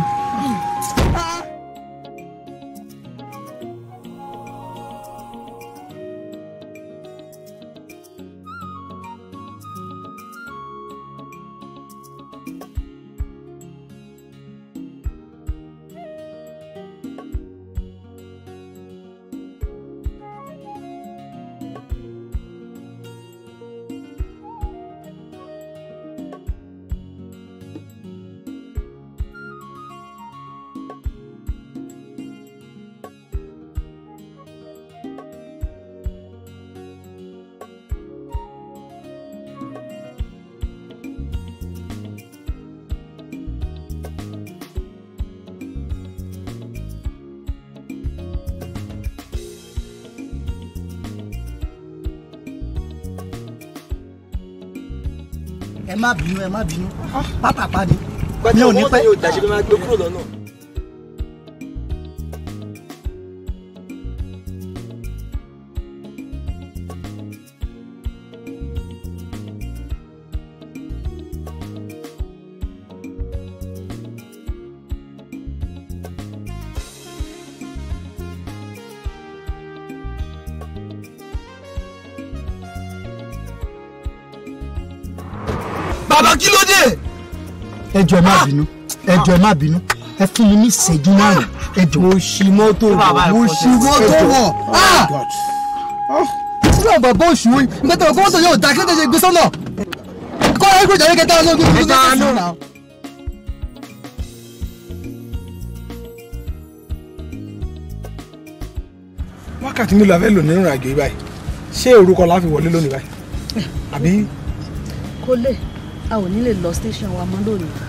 má bínú ẹ má bínú pátápá ah. ni mi ò ní pẹ́. ẹ jọ̀ọ́ ẹ má bínú ẹ jọ̀ọ́ ẹ má bínú ẹ fún mi ní ìṣẹ́jú márùn ẹ jọ̀ọ́. mo ṣì mọ́tò wọ̀ mo ṣì mọ́tò wọ̀ sílẹ̀ oh, ah! oh, bàbá oṣù yìí nígbà tí ọkọ̀ mọ́tò yóò dá kílódé ṣe gbé sọ́nà kọ́ ẹ gbọ́dọ̀ kẹta ológun tó tó tó tó wákàtí mi làfẹ́ lò nínú ìrìnàjò yìí báyìí ṣé orúkọ la fi wọlé lónìí báyìí àbí. kò lè a ò ní lè lọ station wa mọ́ lónìí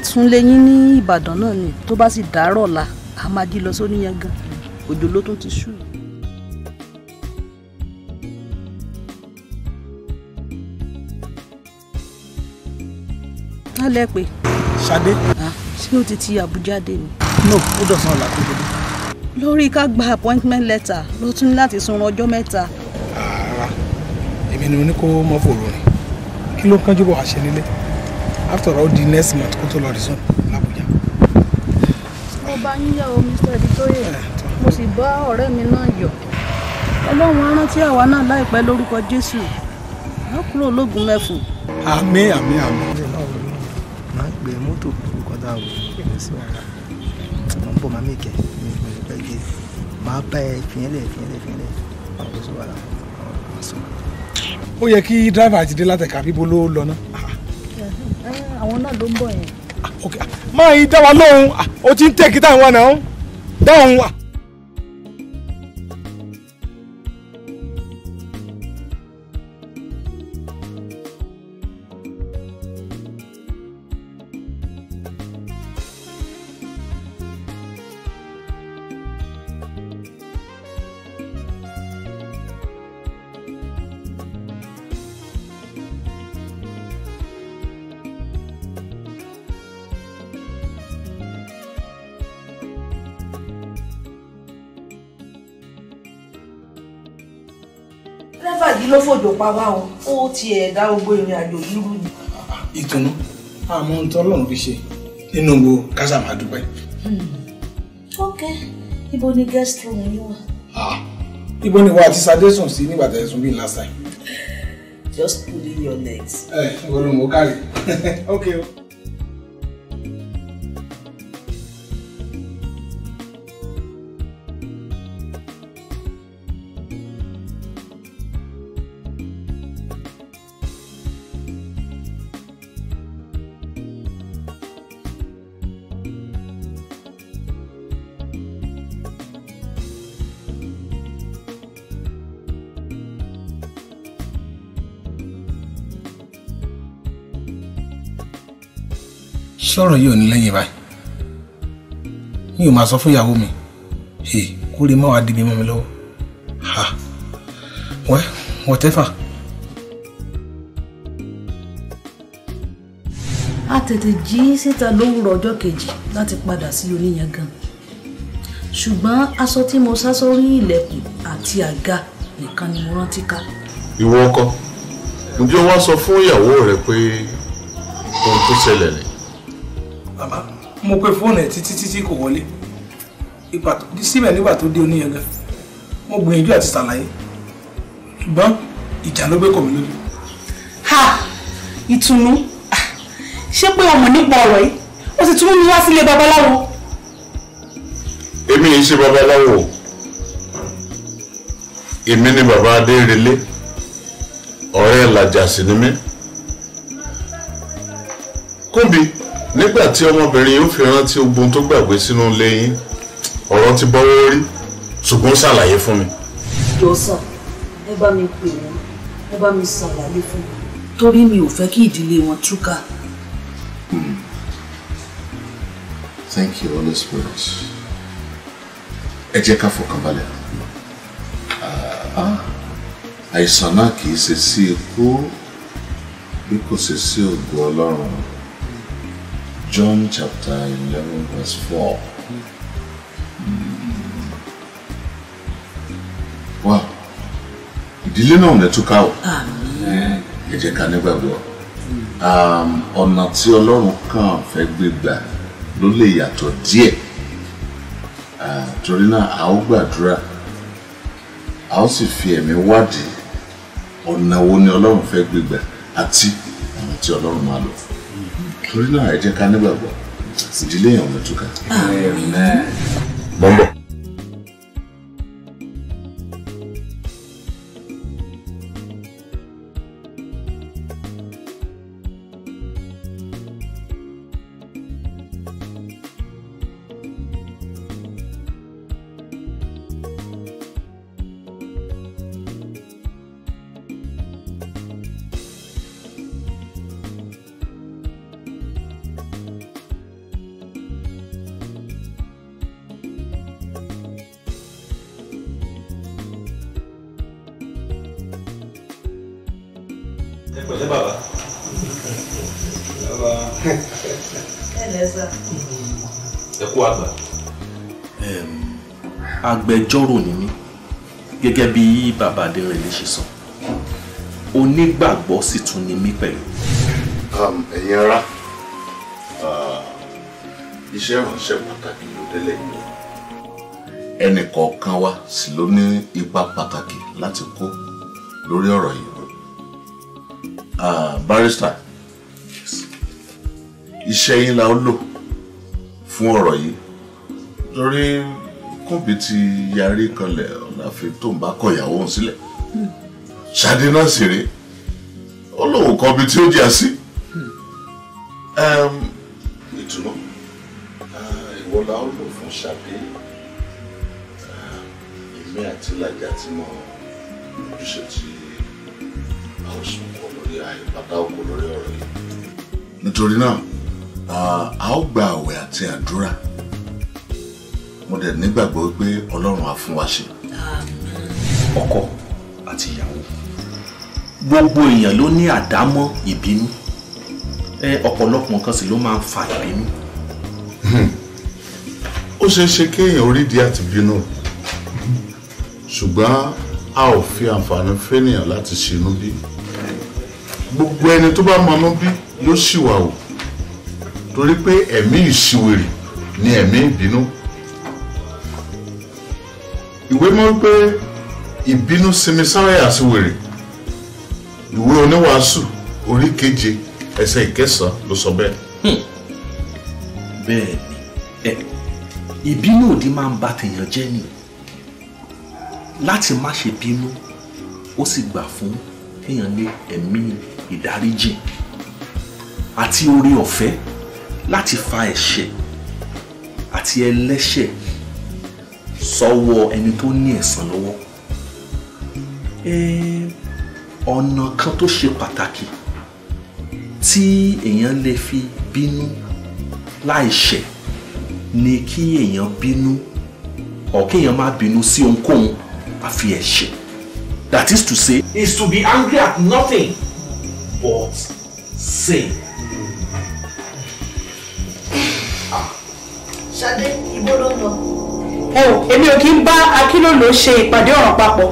àtúnlé yín ní Ìbàdàn náà ni tó bá sì dàárọ̀ la a máa jí lọ sóníyàn gan òjò ló tún ti ṣú lálẹ́ pé. Ṣadé. ṣé o ti ti Àbújá dé ni. no ó dọ̀sán ọ̀la tó dédé. lórí ká gba appointment letter ló tún ní láti sun ọjọ́ mẹ́ta. rárá èmi ni mo ní kó mọ́ fòrò rìn kí ló ń kánjú bọ̀ wá nílé after all di next month kó tó lọ resign làbújá. mo bá yín o mr aditoye mo sì bá ọ̀rẹ́ mi náà yọ̀ ọlọ́run á rántí àwa náà láìpẹ́ lórúkọ jésù á kúrò lóògùn mẹ́fù. àmín àmín àmín. máa ń gbé mọ́tò kúrò kọ́dà wò ó sí wàhálà máa ń bọ̀ máa mèkẹ́ mi ò lè pẹ́ gé máa bá ẹ fìyẹ́lẹ̀ fìyẹ́lẹ̀ fìyẹ́lẹ̀ máa bọ̀ sí wàhálà ó yẹ kí dráìvà ti dé látẹ̀ka bíbo ló lọ ná àwọn náà ló ń bọ̀ yẹn. Ah, ah, máa yí dá wa lóhùn ó ah, ti ń tẹ̀ kí táwọn náà dáhùn. fòjò pa wá o ó tiẹ̀ dá gbogbo ìrìn àjò yìí rú ni. ìtùnú àmọ́ ohun tí ọlọ́run fi ṣe nínú gbogbo kásá máa dúpẹ́. Hmm, ok ibo ni guest room yín wà. ibo ni wà á ti sadé sùn sí nígbà tẹ̀sùn bíi last time. just pulling your legs. ẹ ìwọ ló mọ kárí ok o. ṣọ́rọ̀ yìí ò ní lẹ́yìn báyìí mi ò máa sọ fún ìyàwó mi kó lè má wàá dìbì mọ́ mi lọ́wọ́ wẹ́ whatever. a tètè jí síta lówùrọ̀ ọjọ́ kejì láti padà sí oníyẹn gan ṣùgbọ́n aṣọ tí mo sá sórí ilẹ̀kùn àti àga nìkan ni mo rántí ká. ìwọ ọkọ ǹjẹ́ wọ́n sọ fún ìyàwó rẹ pé ohun tó ṣẹlẹ̀ ni mo pe fóònù ẹ̀ títí títí kò wọlé síbẹ̀ nígbà tó dé oníyẹn gan mo gbìyànjú àti ṣàlàyé ṣùgbọ́n ìjà ló gbé kọ̀ mí lójú. ha ìtùnú ah! ṣé pé ọmọ nípa ọ̀rọ̀ yìí ó sì tún mú wá sílé babaláwo. èmi yìí ṣe babaláwo èmi ni bàbá adérelé ọ̀rẹ́ làjà sí ni mí kúmbi nígbà tí ọmọbìnrin yóò fi rántí ogun tó gbàgbé sínú ilé yín ọ̀rọ̀ ti bọ́wọ́ rí ṣùgbọ́n ṣàlàyé fún mi. jọ́sà ẹ bá mi pè wọ́n ẹ bá mi ṣàlàyé fún mi. torí mi ò fẹ́ kí ìdílé wọn túká. Hmm. thank you holy spirit ẹ jẹ́ ká fọkàn balẹ̀. Ah, àìsàn náà kì í ṣe sí ikú bí kò ṣe sí ògùn ọlọ́run. John chapter 11, verse 4. Hmm. Wá ìdílé náà lè túká o. Ẹ jẹ́ ká nígbàgbọ́. Um, ọ̀nà tí Ọlọ́run kàn fẹ́ gbé gbà ló lè yàtọ̀ díẹ̀. Torí náà, a ó gbàdúrà, a ó sì fi ẹ̀mí wádìí ọ̀nà wo ni Ọlọ́run fẹ́ gbé gbà àti ọ̀nà tí Ọlọ́run torí náà ẹ jẹ́ ká nígbàgbọ́ ìdílé èèyàn ló túká. mọ́ agbẹjọ́rò ni mí gẹ́gẹ́ bí bàbá Adérẹ̀lẹ̀ ṣe sọ onígbàgbọ́ sì tún ni mí pẹ̀lú. Um, ẹ̀yin ará uh, iṣẹ́ ìránṣẹ́ pàtàkì ló délẹ̀ yìí ẹnì kọ̀ọ̀kan wa sì ló ní ipa pàtàkì láti kó lórí ọ̀rọ̀ yìí. Uh, barrister iṣẹ́ yín la ó lò fún ọ̀rọ̀ yìí torí kóbi ti yarí kanlẹ̀ ọ̀làfin tó ń bá kọ ìyàwó òun sílẹ̀ ṣáde náà sì rèé ó lóun kọ ibi tí ó jà sí. ìtùnú ìwọ la ó lò fún ṣáde èmi àti làjà tí mo ojúṣe tí a ó sùn kọ lórí àìbàdà òkú lórí ọ̀rọ̀ yìí. nítorí náà a ó gba àwẹ̀ àti àdúrà mo dẹ̀ nígbàgbọ́ pé ọlọ́run á fún wa ṣe. ọkọ àti ìyàwó gbogbo èèyàn ló ní àdámọ́ ìbínú ọ̀pọ̀lọpọ̀ nǹkan sì ló máa ń fa ìbínú. ó ṣeé ṣe kéèyàn orí di àtìbínú ṣùgbọ́n a ò fi àǹfààní fẹ́nìyàn láti ṣinú bí gbogbo ẹni tó bá mọnú bí yóò ṣìwà o torí pé ẹ̀mí ìṣìwèrè ni ẹ̀mí ìbínú. E ìwé mọ́ pé ìbínú sinmi sáráyà sí wèrè ìwé oníwàásù orí keje ẹsẹ̀ ìkẹsàn ló sọ bẹ́ẹ̀. Hmm. bẹ́ẹ̀ ni ìbínú òdì máa ń ba tèèyàn jẹ́ ni láti má ṣe bínú ó sì gbà fún kéèyàn ní ẹ̀mí ìdáríjì àti oore ọ̀fẹ́ láti fa ẹ̀ṣẹ̀ àti ẹlẹ́ṣẹ̀ sọ́wọ́ ẹni tó ní ẹ̀san lọ́wọ́ ọ̀nà kan tó ṣe pàtàkì tí èèyàn lè fi bínú láì ni kí èèyàn bínú or kéèyàn má bínú sí ohunkóhun àfi ẹ̀ṣẹ̀ that is to say. is to be angry at nothing but say. Ṣadé ibo ló ń lọ ẹ wò èmi ò kí ń bá akílòlò ṣe ìpàdé ọ̀ràn papọ̀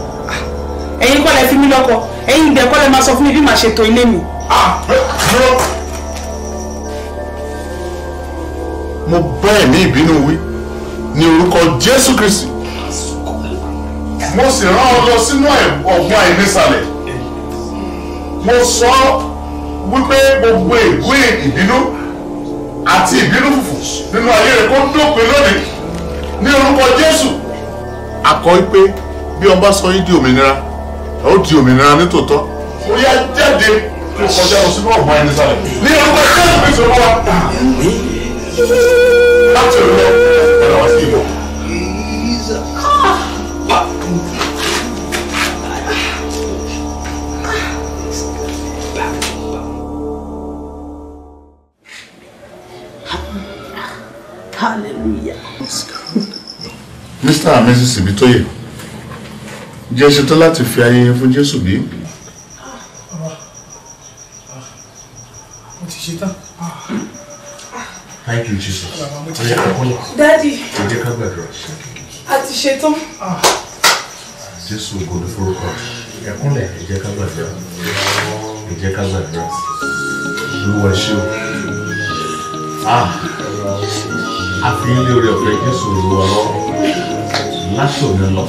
ẹ̀yin kọ́ lẹ fi mí lọ́kọ ẹ̀yin dẹ̀ kọ́ lẹ máa sọ fún mi bí màá ṣe to ilé mi. mo bá ẹ̀mí ìbínú wí ní orúkọ Jésù Kristi mo sì rán ọ lọ sínú ọ̀gbun àìnísàlẹ̀ mo sọ wípé gbogbo ègún ìbínú àti ìbínú fùfù nínú ayé rẹ kó dópin lónìí ní orúkọ Jésù akọ wípé bí wọn bá sọ yín di òmìnira ó di òmìnira nítòótọ́ ó yá jáde kó kọjá lọ sínú ọgbà ẹni sálẹ ní orúkọ Jésù fi sọ wá láti òun lọ wá sí ìbò. Hallelujah mr and mrs ibitoye jẹ́ ṣetán láti fi ayé yẹn fún jésù bí. mo thank you jesus. dadi a ti ṣetán. jésù ògo ni forúkọ ẹkúnlẹ̀ ẹ ká gbàdúrà ẹ ká gbàdúrà olúwa ṣé o. ah àfihàn orí ọ̀fẹ́ Jésù olúwa lọ Ah, lọ.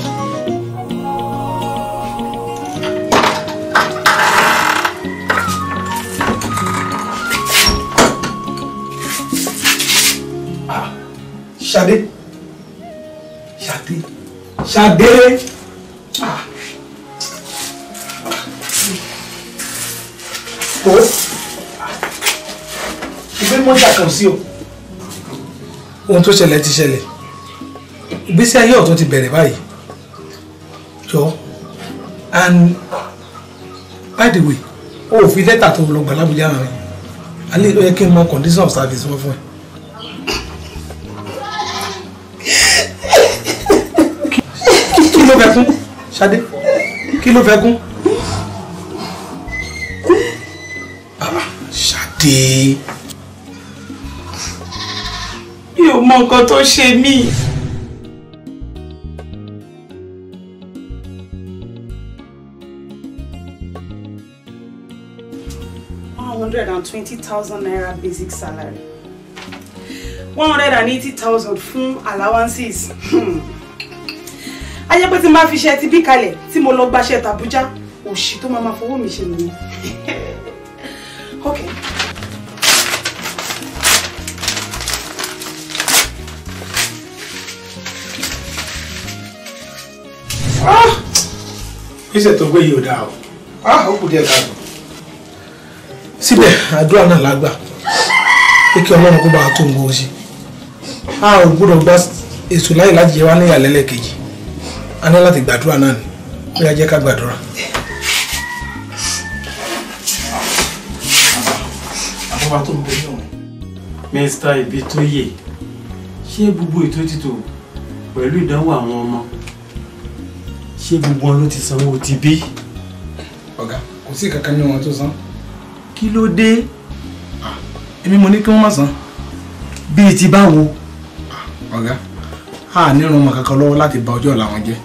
Ṣadé Ṣadé ah. ah, Tó ìgbé ah. mọ́jà kan sí o ohun tó ṣẹlẹ̀ ti ṣẹlẹ̀ ìgbésí ayé ọ̀tún ti bẹ̀rẹ̀ báyìí jọ and by the way o ò fi lẹ́tà tó lọ gbà lábújá rẹ̀ alẹ́ ló yẹ kí n mọ condition of service wọn fún ẹ. kí ló fẹ́ kún Ṣadé kí ló fẹ́ kún. Ah, Ṣadé mọ nǹkan tó ṣe mí. one hundred and twenty thousand naira basic salary one hundred and eighty thousand fún allowances hmm. ayé pé tí n bá fi ṣe ti bí kalẹ̀ tí mo lọ gbaṣẹ́ tàbújá òṣì tó máa ma fowó mi ṣe nìyẹn okay Ah! ìṣẹ̀ tó gbé yìí ò dáa o ah, ó kù díẹ̀ káàbọ̀ síbẹ̀ àdúrà náà lágbà pé kí ọlọ́run kó bá a tó ń gbowó sí a ò gbọ́dọ̀ gba èso láyè láti jẹ wá ní ìyàlẹ́lẹ̀ kejì a ní láti gbàdúrà náà ni ó yá jẹ́ ká gbàdúrà. àbúrò tó ń bẹ ní ọ̀hún. mr ibitoye ṣé gbogbo ètò ètò pẹ̀lú ìdánwò àwọn ọmọ ṣé gbogbo wọn ló ti sanwó ti bí. ọ̀gá kò sí kankan ní wọn tó san. kí ló dé èmi mo ní kí wọ́n má san. bíi ti báwo. ọ̀gá a ní ran ọmọ kankan lọ́wọ́ láti ba ọjọ́ ọ̀la wọn jẹ́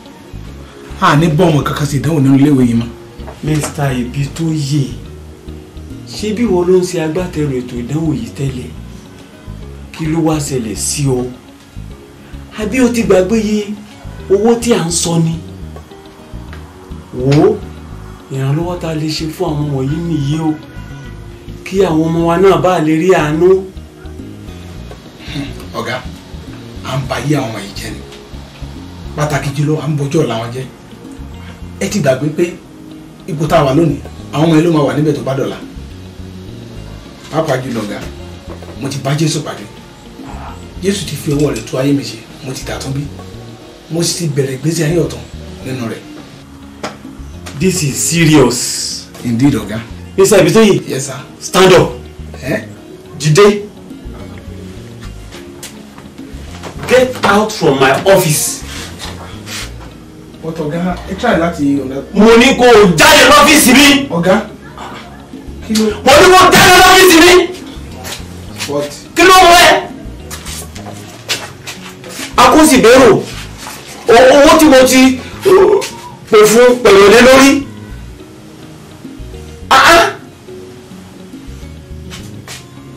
a ní bọ́ ọmọ kankan sí ìdánwò nínú iléèwé yìí mọ́. mr ibi tó yè ṣé bí wọn ló ń ṣe agbátẹrù ètò ìdánwò yìí tẹ́lẹ̀ kí ló wá ṣẹlẹ̀ sí ọ àbí o ti gbàgbé yé owó tí à ń sọ ni wò ó ìrànlọ́wọ́ tá a lè ṣe fún àwọn wọ̀nyí nìyí o kí àwọn ọmọ wa náà bá lè rí àánú. ọ̀gá à ń ba yí àwọn wọ̀nyí jẹ́ ni pàtàkì jùlọ à ń bójú ọ̀la wọn jẹ́ ẹ ti gbàgbé pé ipò tá a wà lónìí àwọn ọmọ ẹ ló máa wà níbẹ̀ tó bá dọ̀la pàápàá jùlọ ọ̀gá mo ti bá Jésù pàdé Jésù ti fi ọwọ́ rẹ̀ tú ayé mi ṣe mo ti dà tún bí mo sì ti bẹ̀rẹ̀ ìgbésí ayé ọ̀tún nínú rẹ̀ this is serious. indeed oga. yes sir yes sir. stand up. Eh? Jide get out from my office. but Oga? I try not to. mo ní kó o jáde lọ́fíìsì mi. ọ̀gá kí ló. mo ní kó o jáde lọ́fíìsì mi. what. kí ló wọ ẹ. akúnsìbérò owó tí mo ti. Uh, pè fún pèlòdé lórí ah ah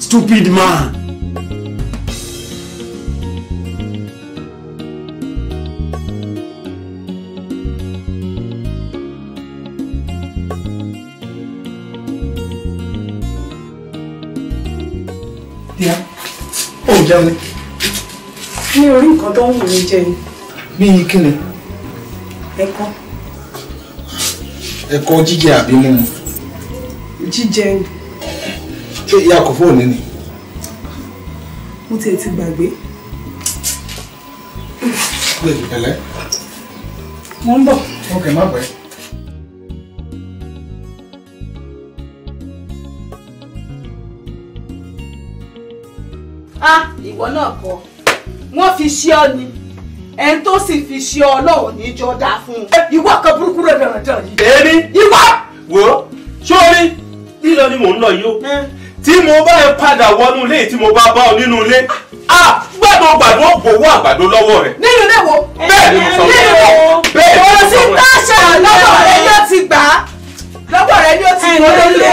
stupid man. jẹun ni. mi ò rí nǹkan tó ń wù mí jẹ ni. bí kí ni. ẹ̀kọ́ ẹ̀kọ́ jíjẹ àbí mímu. jíjẹ o. ṣé ìyá kò fóònù ni. mo tiẹ̀ ti gbàgbé. pé ìpẹ̀lẹ́. mo ń bọ̀. ok má pẹ́. ah ìwọ náà kọ wọ́n fi ṣe ọ ni ẹni tó sì fi ṣe ọlọ́run níjọ dá fún un. ìwọ kan burúkú rẹ dandan yìí. èmi. ìwọ. wo sórí lílọ ni mò ń lọ yìí o tí mo bá ẹ padà wọnú ilé tí mo bá bá ọ nínú ilé gbàdúrà gbàdúrà gbowó àgbàdo lọ́wọ́ rẹ̀. nínú ilé wo. bẹ́ẹ̀ ni mo sọ fún ọ bẹ́ẹ̀ ni mo sọ fún ọ. òsì táṣà lọ́wọ́ rẹ yóò ti gbà á lọ́wọ́ rẹ yóò ti wọlé ilé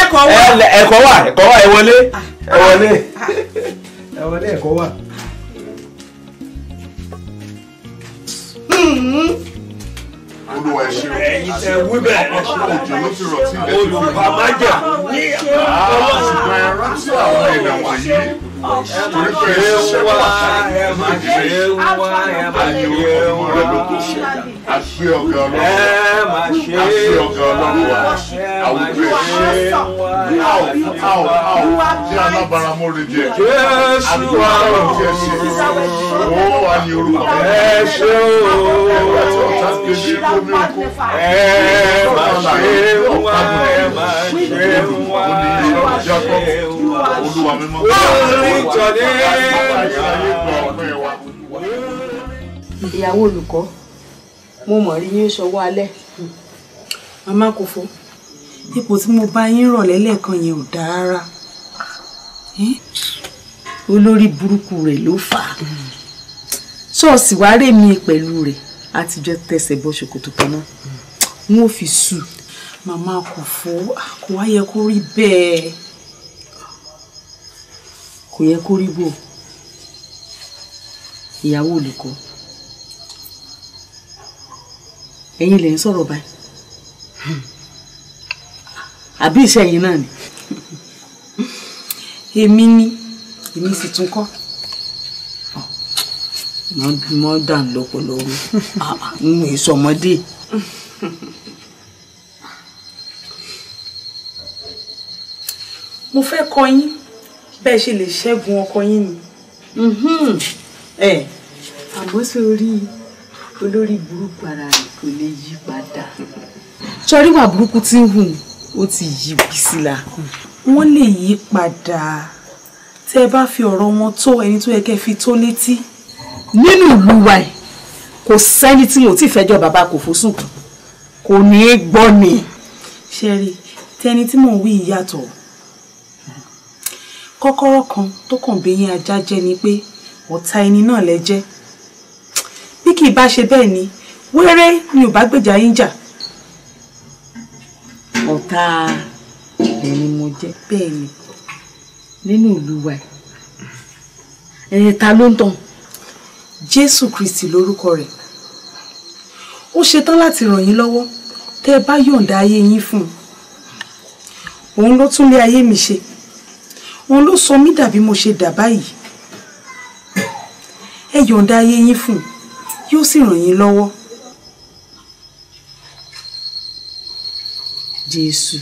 ẹ̀kọ́ wà ẹ̀kọ́ wà ẹ wọlé ah, ah, ah, ẹ wọlé ẹ̀kọ́ wà. olúwa ẹ ṣe ẹyin tẹ wíbẹ òjò ló ti rọ̀ tí ilẹ̀ ti fi bá má jà ní ọwọ́ ah, ṣùgbọ́n ẹ rántí àwọn ẹ̀dá wọ̀nyí torí pé ẹ ṣẹ́wà ẹ má ṣe ẹ wá ẹ má ṣe ẹ wá ẹ má ṣe àṣẹ ọ̀gá ọlọ́run àṣẹ ọ̀gá ọlọ́run àwùjọ ẹ̀ṣẹ̀ áò áò áò jẹ́ alábara mọ́rin jẹ àdúrà ọ̀rọ̀ tí ẹ ṣe ó wà ní orúkọ ẹ ṣe ó ẹgbẹ́ tí ọ̀tá kejì kó ní oko ẹ má ṣe wá ẹ má ṣe wá olúwa mímọ́ olórí ìjọ ní ìyàwó olùkọ́ mo mọ̀ rí yín ṣọwọ́ alẹ́. màmá Kòfó ipò tí mo bá yín rọ̀ lẹ́lẹ́kan yẹn ò dáa rárá olórí burúkú rẹ̀ ló fà á ṣọ́ọ̀ṣì wàá rè mí pẹ̀lú rẹ̀ àtijọ́ tẹsẹ̀ bọ́ ṣòkòtò kan náà wọn ò fi sù màmá Kòfó kò wá yẹ kó rí bẹ́ẹ̀ kò yẹ kó rí bò ìyàwó olùkọ́. ẹ̀yin lè ń sọ̀rọ̀ báyìí àbí iṣẹ́ ẹ̀yin náà ni. èmi ni èmi sì tún kọ́. mo dàn lọ́pọ̀lọpọ̀ n ò sọmọdé. mo fẹ́ kọ́ yín bẹ́ẹ̀ ṣe lè ṣẹ́gun ọkọ yín ni. ẹ àmọ́ sórí olórí burúkú ara rẹ̀ kò lè yí padà. sọrí wà burúkú tí ń hù ó ti yí bísí la. wọ́n lè yí padà tẹ́ ẹ bá fi ọ̀rọ̀ wọn tó ẹni tó yẹ kẹ́ fi tó létí. nínú ìlú wa ẹ̀ kò sẹ́ni tí mo ti fẹjọ́ bàbá kò fosùn kò ní í gbọ́ ni. ṣẹ́rí tẹni tí mò ń wí ìyàtọ̀ kọ́kọ́rọ́ kan tó kàn bí ajá jẹ́ ni pé ọ̀tá ẹni náà lẹ kì í bá ṣe bẹ́ẹ̀ ni wẹ́rẹ́ ni ò bá gbèjà yín jà. ọ̀tá ẹ̀ ni mo jẹ́ bẹ́ẹ̀ ni nínú ìlú wa ẹ̀ ta ló ń tàn. jésù kristi lórúkọ rẹ̀ ó ṣetán láti ràn yín lọ́wọ́ tẹ́ ẹ bá yọ̀ǹda ayé yín fún un òun ló tún lé ayé mi ṣe òun ló sọ mí dà mo ṣe dà báyìí ẹ yọ̀ǹda ayé yín fún un yóò sì ràn yín lọ́wọ́. Jésù.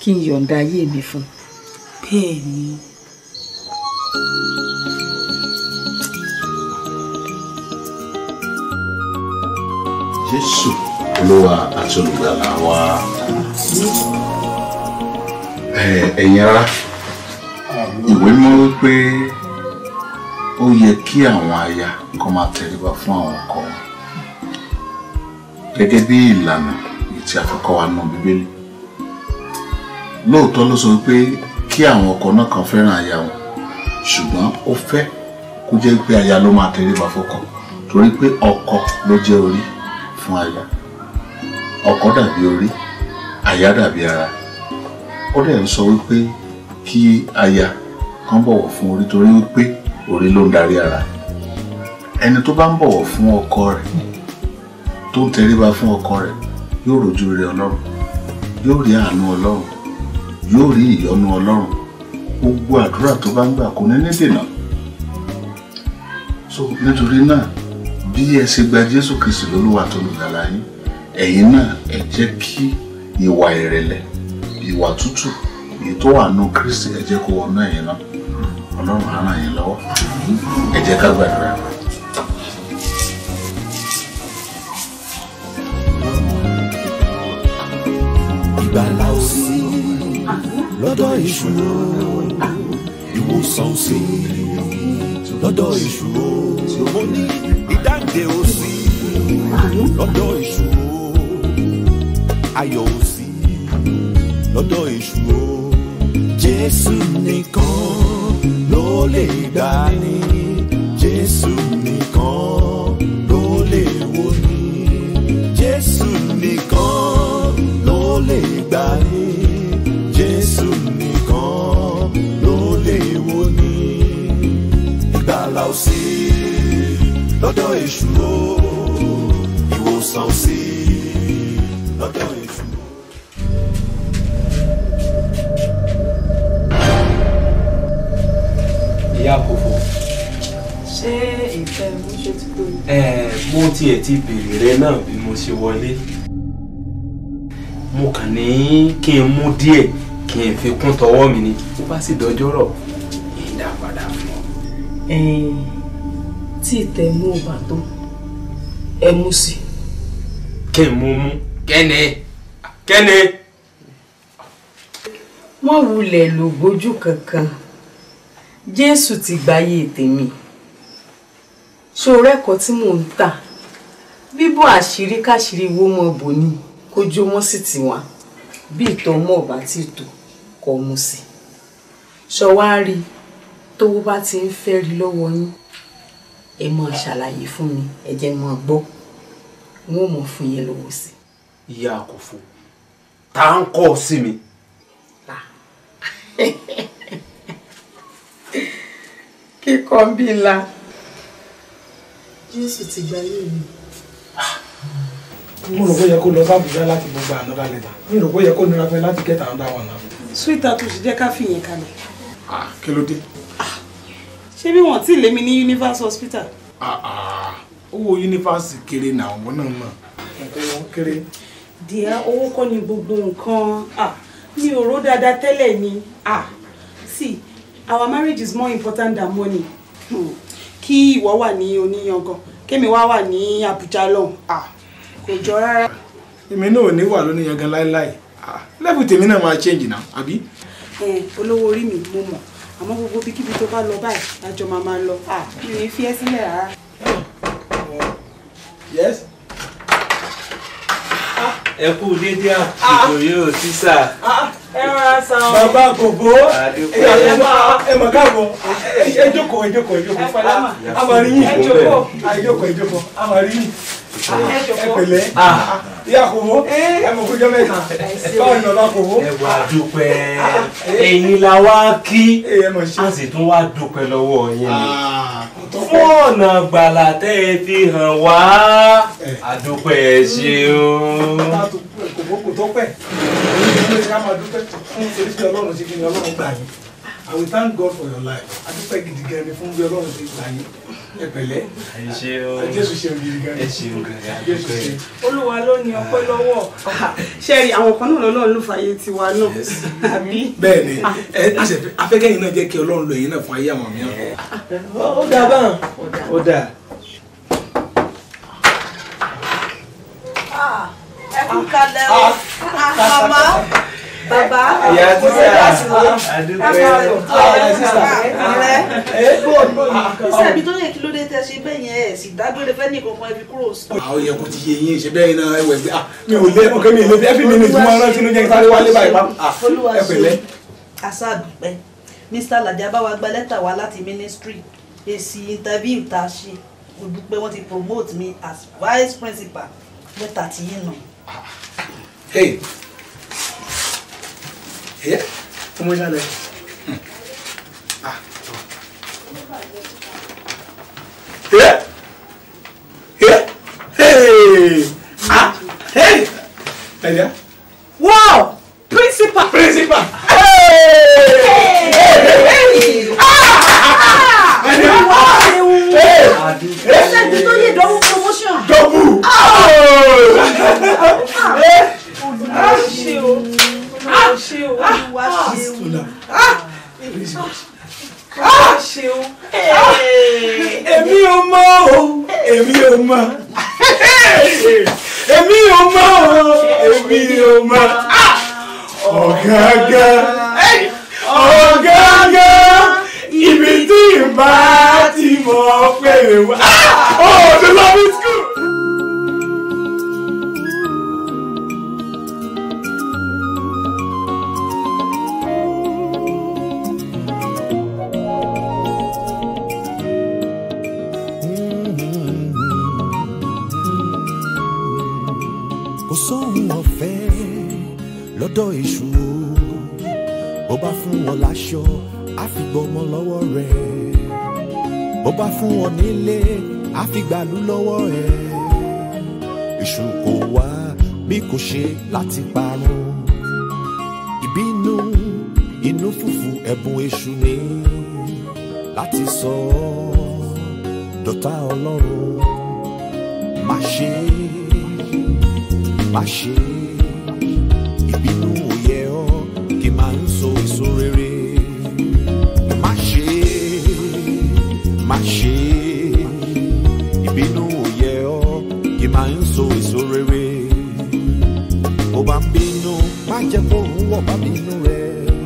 kí n yọ̀ǹda ayé mi fún. bẹ́ẹ̀ ni. Jésù olúwa àti olùgbàlà wa ẹ̀yin ara ìwé mọ́ wípé ó yẹ kí àwọn aya kó máa tẹríba fún àwọn ọkọ wọn gẹ́gẹ́ bí ìlànà ìtì àkọ́kọ́ wa nù bíbélì lóòótọ́ ló sọ wípé kí àwọn ọkọ náà kan fẹ́ràn aya wọn ṣùgbọ́n ó fẹ́ kó jẹ́ pé aya ló máa tẹríba fọ́kọ torí pé ọkọ ló jẹ́ orí fún aya ọkọ dàbí orí aya dàbí ara ó dẹ̀ ń sọ wípé kí aya kán bọ̀wọ̀ fún orí torí pé orí ló ń darí ara ẹni tó bá ń bọ̀wọ̀ fún ọkọ rẹ̀ tó ń tẹríba fún ọkọ rẹ̀ yóò rojú rere ọlọ́run yóò rí àánú ọlọ́run yóò rí ìyọ́nú ọlọ́run gbogbo àdúrà tó bá ń gbà kò ní ní so nítorí náà bí ẹ ṣe gba Jésù Kristi lólúwa tó lùgbàlà yín ẹ̀yin náà ẹ jẹ́ kí ìwà ìrẹ̀lẹ̀ ìwà tútù èyí tó wà ẹ jẹ́ kó wọnú ẹ̀yin náà ọlọ́run á ràn yín lọ́wọ́ ẹ jẹ́ ká gbàdúrà. ìgbàlá ò sí lọ́dọ̀ ìṣòro ìwòsàn ò sí lọ́dọ̀ ìṣòro mo ní ìdáǹdè ò sí lọ́dọ̀ ìṣòro ayọ̀ ò sí lọ́dọ̀ ìṣòro Jésù nìkan ló lè gbà ní Jésù nìkan ló lè wò ní Jésù nìkan ló lè gbà ní Jésù nìkan ló lè wò ní ìgbàlà ò sí lọ́dọ̀ èṣù ìwòsàn sí lọ́dọ̀ èṣù. àbí àkófò. ṣé ìfẹ́ mi ṣe ti kú yìí. ẹ mo tiẹ̀ ti béèrè rẹ náà bí mo ṣe wọlé mo kàn ní kí n mú díẹ̀ kí n fi kún tọwọ́ mi ni ó bá sì dọjọ́rọ̀ ìdá padà fún ọ. tí ìtẹ̀ mú ò bá tó ẹ mú sí. kí n mú mú kẹ́ni kẹ́ni. wọ́n wulẹ̀ lò kankan jésù ti gbáyé tèmi ṣó rẹ́kọ̀ọ́ tí mò ń tà bíbò àṣírí káṣírí wo mọ bò ní kójú wọn sì ti wà bí ìtọ́ mọ̀ bá ti tò kọ́ mu sí ṣọwárí tówó bá ti ń fẹ́ rí lọ́wọ́ yín ẹ máa ṣàlàyé fún mi ẹ jẹ́ máa gbọ́ n ó mọ̀ fún yín lọ́wọ́ sí. ìyá àkọ́fọ́ tá à ń kọ́ sí mi. Ah. kíkọ́ bí la. Jésù ti gba ilé mi. Ah. Mo rò pé yẹ kó lọ sábùjá láti gbogbo ànádà lẹ́tà. Mi rò pé yẹ kó nira fẹ́ láti kẹta ànádà wà náà. Sweet tó ṣe jẹ́ ká fìyẹn kalẹ̀. Ah, kí ló dé? Ah. Ṣé bí wọ́n ti lé mi ní Universe Hospital? Owó Universal kéré náà wọ́n náà mọ̀. Ẹ̀kọ́ wọn kéré. Díẹ̀ owó kọ́ ni gbogbo nǹkan. Mi ò ró dáadáa tẹ́lẹ̀ ni. Sí our marriage is more important than money hmm. kí ìwọ wà ní oníyangan kémi wá wà ní Abuja lọ́hùn kò jọ rárá. èmi náà ò ní wà lóníyangan láéláé lẹ́bùn tèmi náà máa change náà àbí. olówó orí mi mo mọ̀ àmọ́ gbogbo bíkíbi tó bá lọ báyìí lájọ máa máa lọ mi ò fi ẹ́ sílẹ̀ rárá. yes ah, ẹ kú dédé àsìkò ah. yóò sísà. Ah bàbá gbogbo ẹ mọ̀ káàbọ̀ ẹ jókòó ẹ jókòó ẹ jókòó a máa rí yín ẹ jókòó ẹ jókòó a máa rí yín ẹpẹlẹ ah. ìyá kòmó ẹmọkójọ mẹ́ta báwo ni bàbá kòmó. ẹ wá dúpẹ́ ah. ẹ̀yin la wá kí a sì tún wá dúpẹ́ lọ́wọ́ yín ah, fún ọ̀nà gbàlà tẹ́ ẹ fi hàn wá àdúpẹ́ ẹ ṣe o. I will thank God for your life adúpẹ́ gidigan ni fún bí ọlọ́run ti gbà ẹ pẹ̀lẹ́ jésù ṣe ògiri gan jésù ṣe. olúwa ló ní ọpẹ́ lọ́wọ́ ah. ṣẹrí àwọn kan náà lọ́lọ́run ló fàyè tiwa náà àbí. bẹ́ẹ̀ ni afẹkẹyìn ah. náà jẹ́ kí Ọlọ́run lò yín náà fún ayé àwọn mìíràn. ó dà báà ó dà. Ah. ẹ kalẹ̀ o màmá bàbá ìyá sísàbí tó yẹ kí ló dé tẹ ṣe bẹ́ẹ̀ yẹn ẹ̀ sì dágbére fẹ́ ní ìkọ̀kan ẹbí kúrò sí. àwọn yẹn kò ti yé yín ṣe bẹ́ẹ̀ náà ẹwẹ̀ bí mi ò lé ọkọ mi lé ẹfí mi ní ìtumọ̀ ọlọ́run tí ló jẹ́ sáré wálé báyìí pa ẹ pẹ̀lẹ́. àṣà àdùpẹ́ Mr. Laja bá wa gba lẹ́tà wá láti ministry èsì interview tá a ṣe mo dúpẹ́ wọ́n ti promote me as vice principal lẹ́tà tí yín nà. Eh? Como já lê. Ah, tô. Eh? Eh? Hey! Ah! Hey! Olha. Wow! Principal! Principal! Hey! Hey! hey! Ah! Ah! Ah! Wow! Hey! Esse é de todo double promotion. Double! Ah! Ah! ṣe o ah, ah. Ah, olúwa ṣe o olúwa ṣe o. èmi ò mọ o èmi ò mọ èmi ò mọ o èmi ò mọ ọ̀gágá ọ̀gágá ibi tí ìbá ti mọ̀ pé wá. oh the love is good. kò sóhun ọ̀fẹ́ lọ́dọ̀ èṣù o bó bá fún wọn láṣọ á fi gbọmọ lọ́wọ́ rẹ̀ bó bá fún wọn nílé á fi gbàlú lọ́wọ́ ẹ̀ èṣù kò wá bí kò ṣe láti parun ìbínú inú fùfù ẹ̀bùn èṣù ni láti sọ ọ́ dọ̀tá ọlọ́run má ṣe é má ṣe ìbínú òye ọ kì máa ń so èso rere má ṣe má ṣe ìbínú òye ọ kì máa ń so èso rere ó bá ń bínú má jẹ́ kó ń wọ̀ bá bínú rẹ̀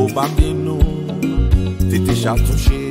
ó bá bínú tètè ṣàtúnṣe.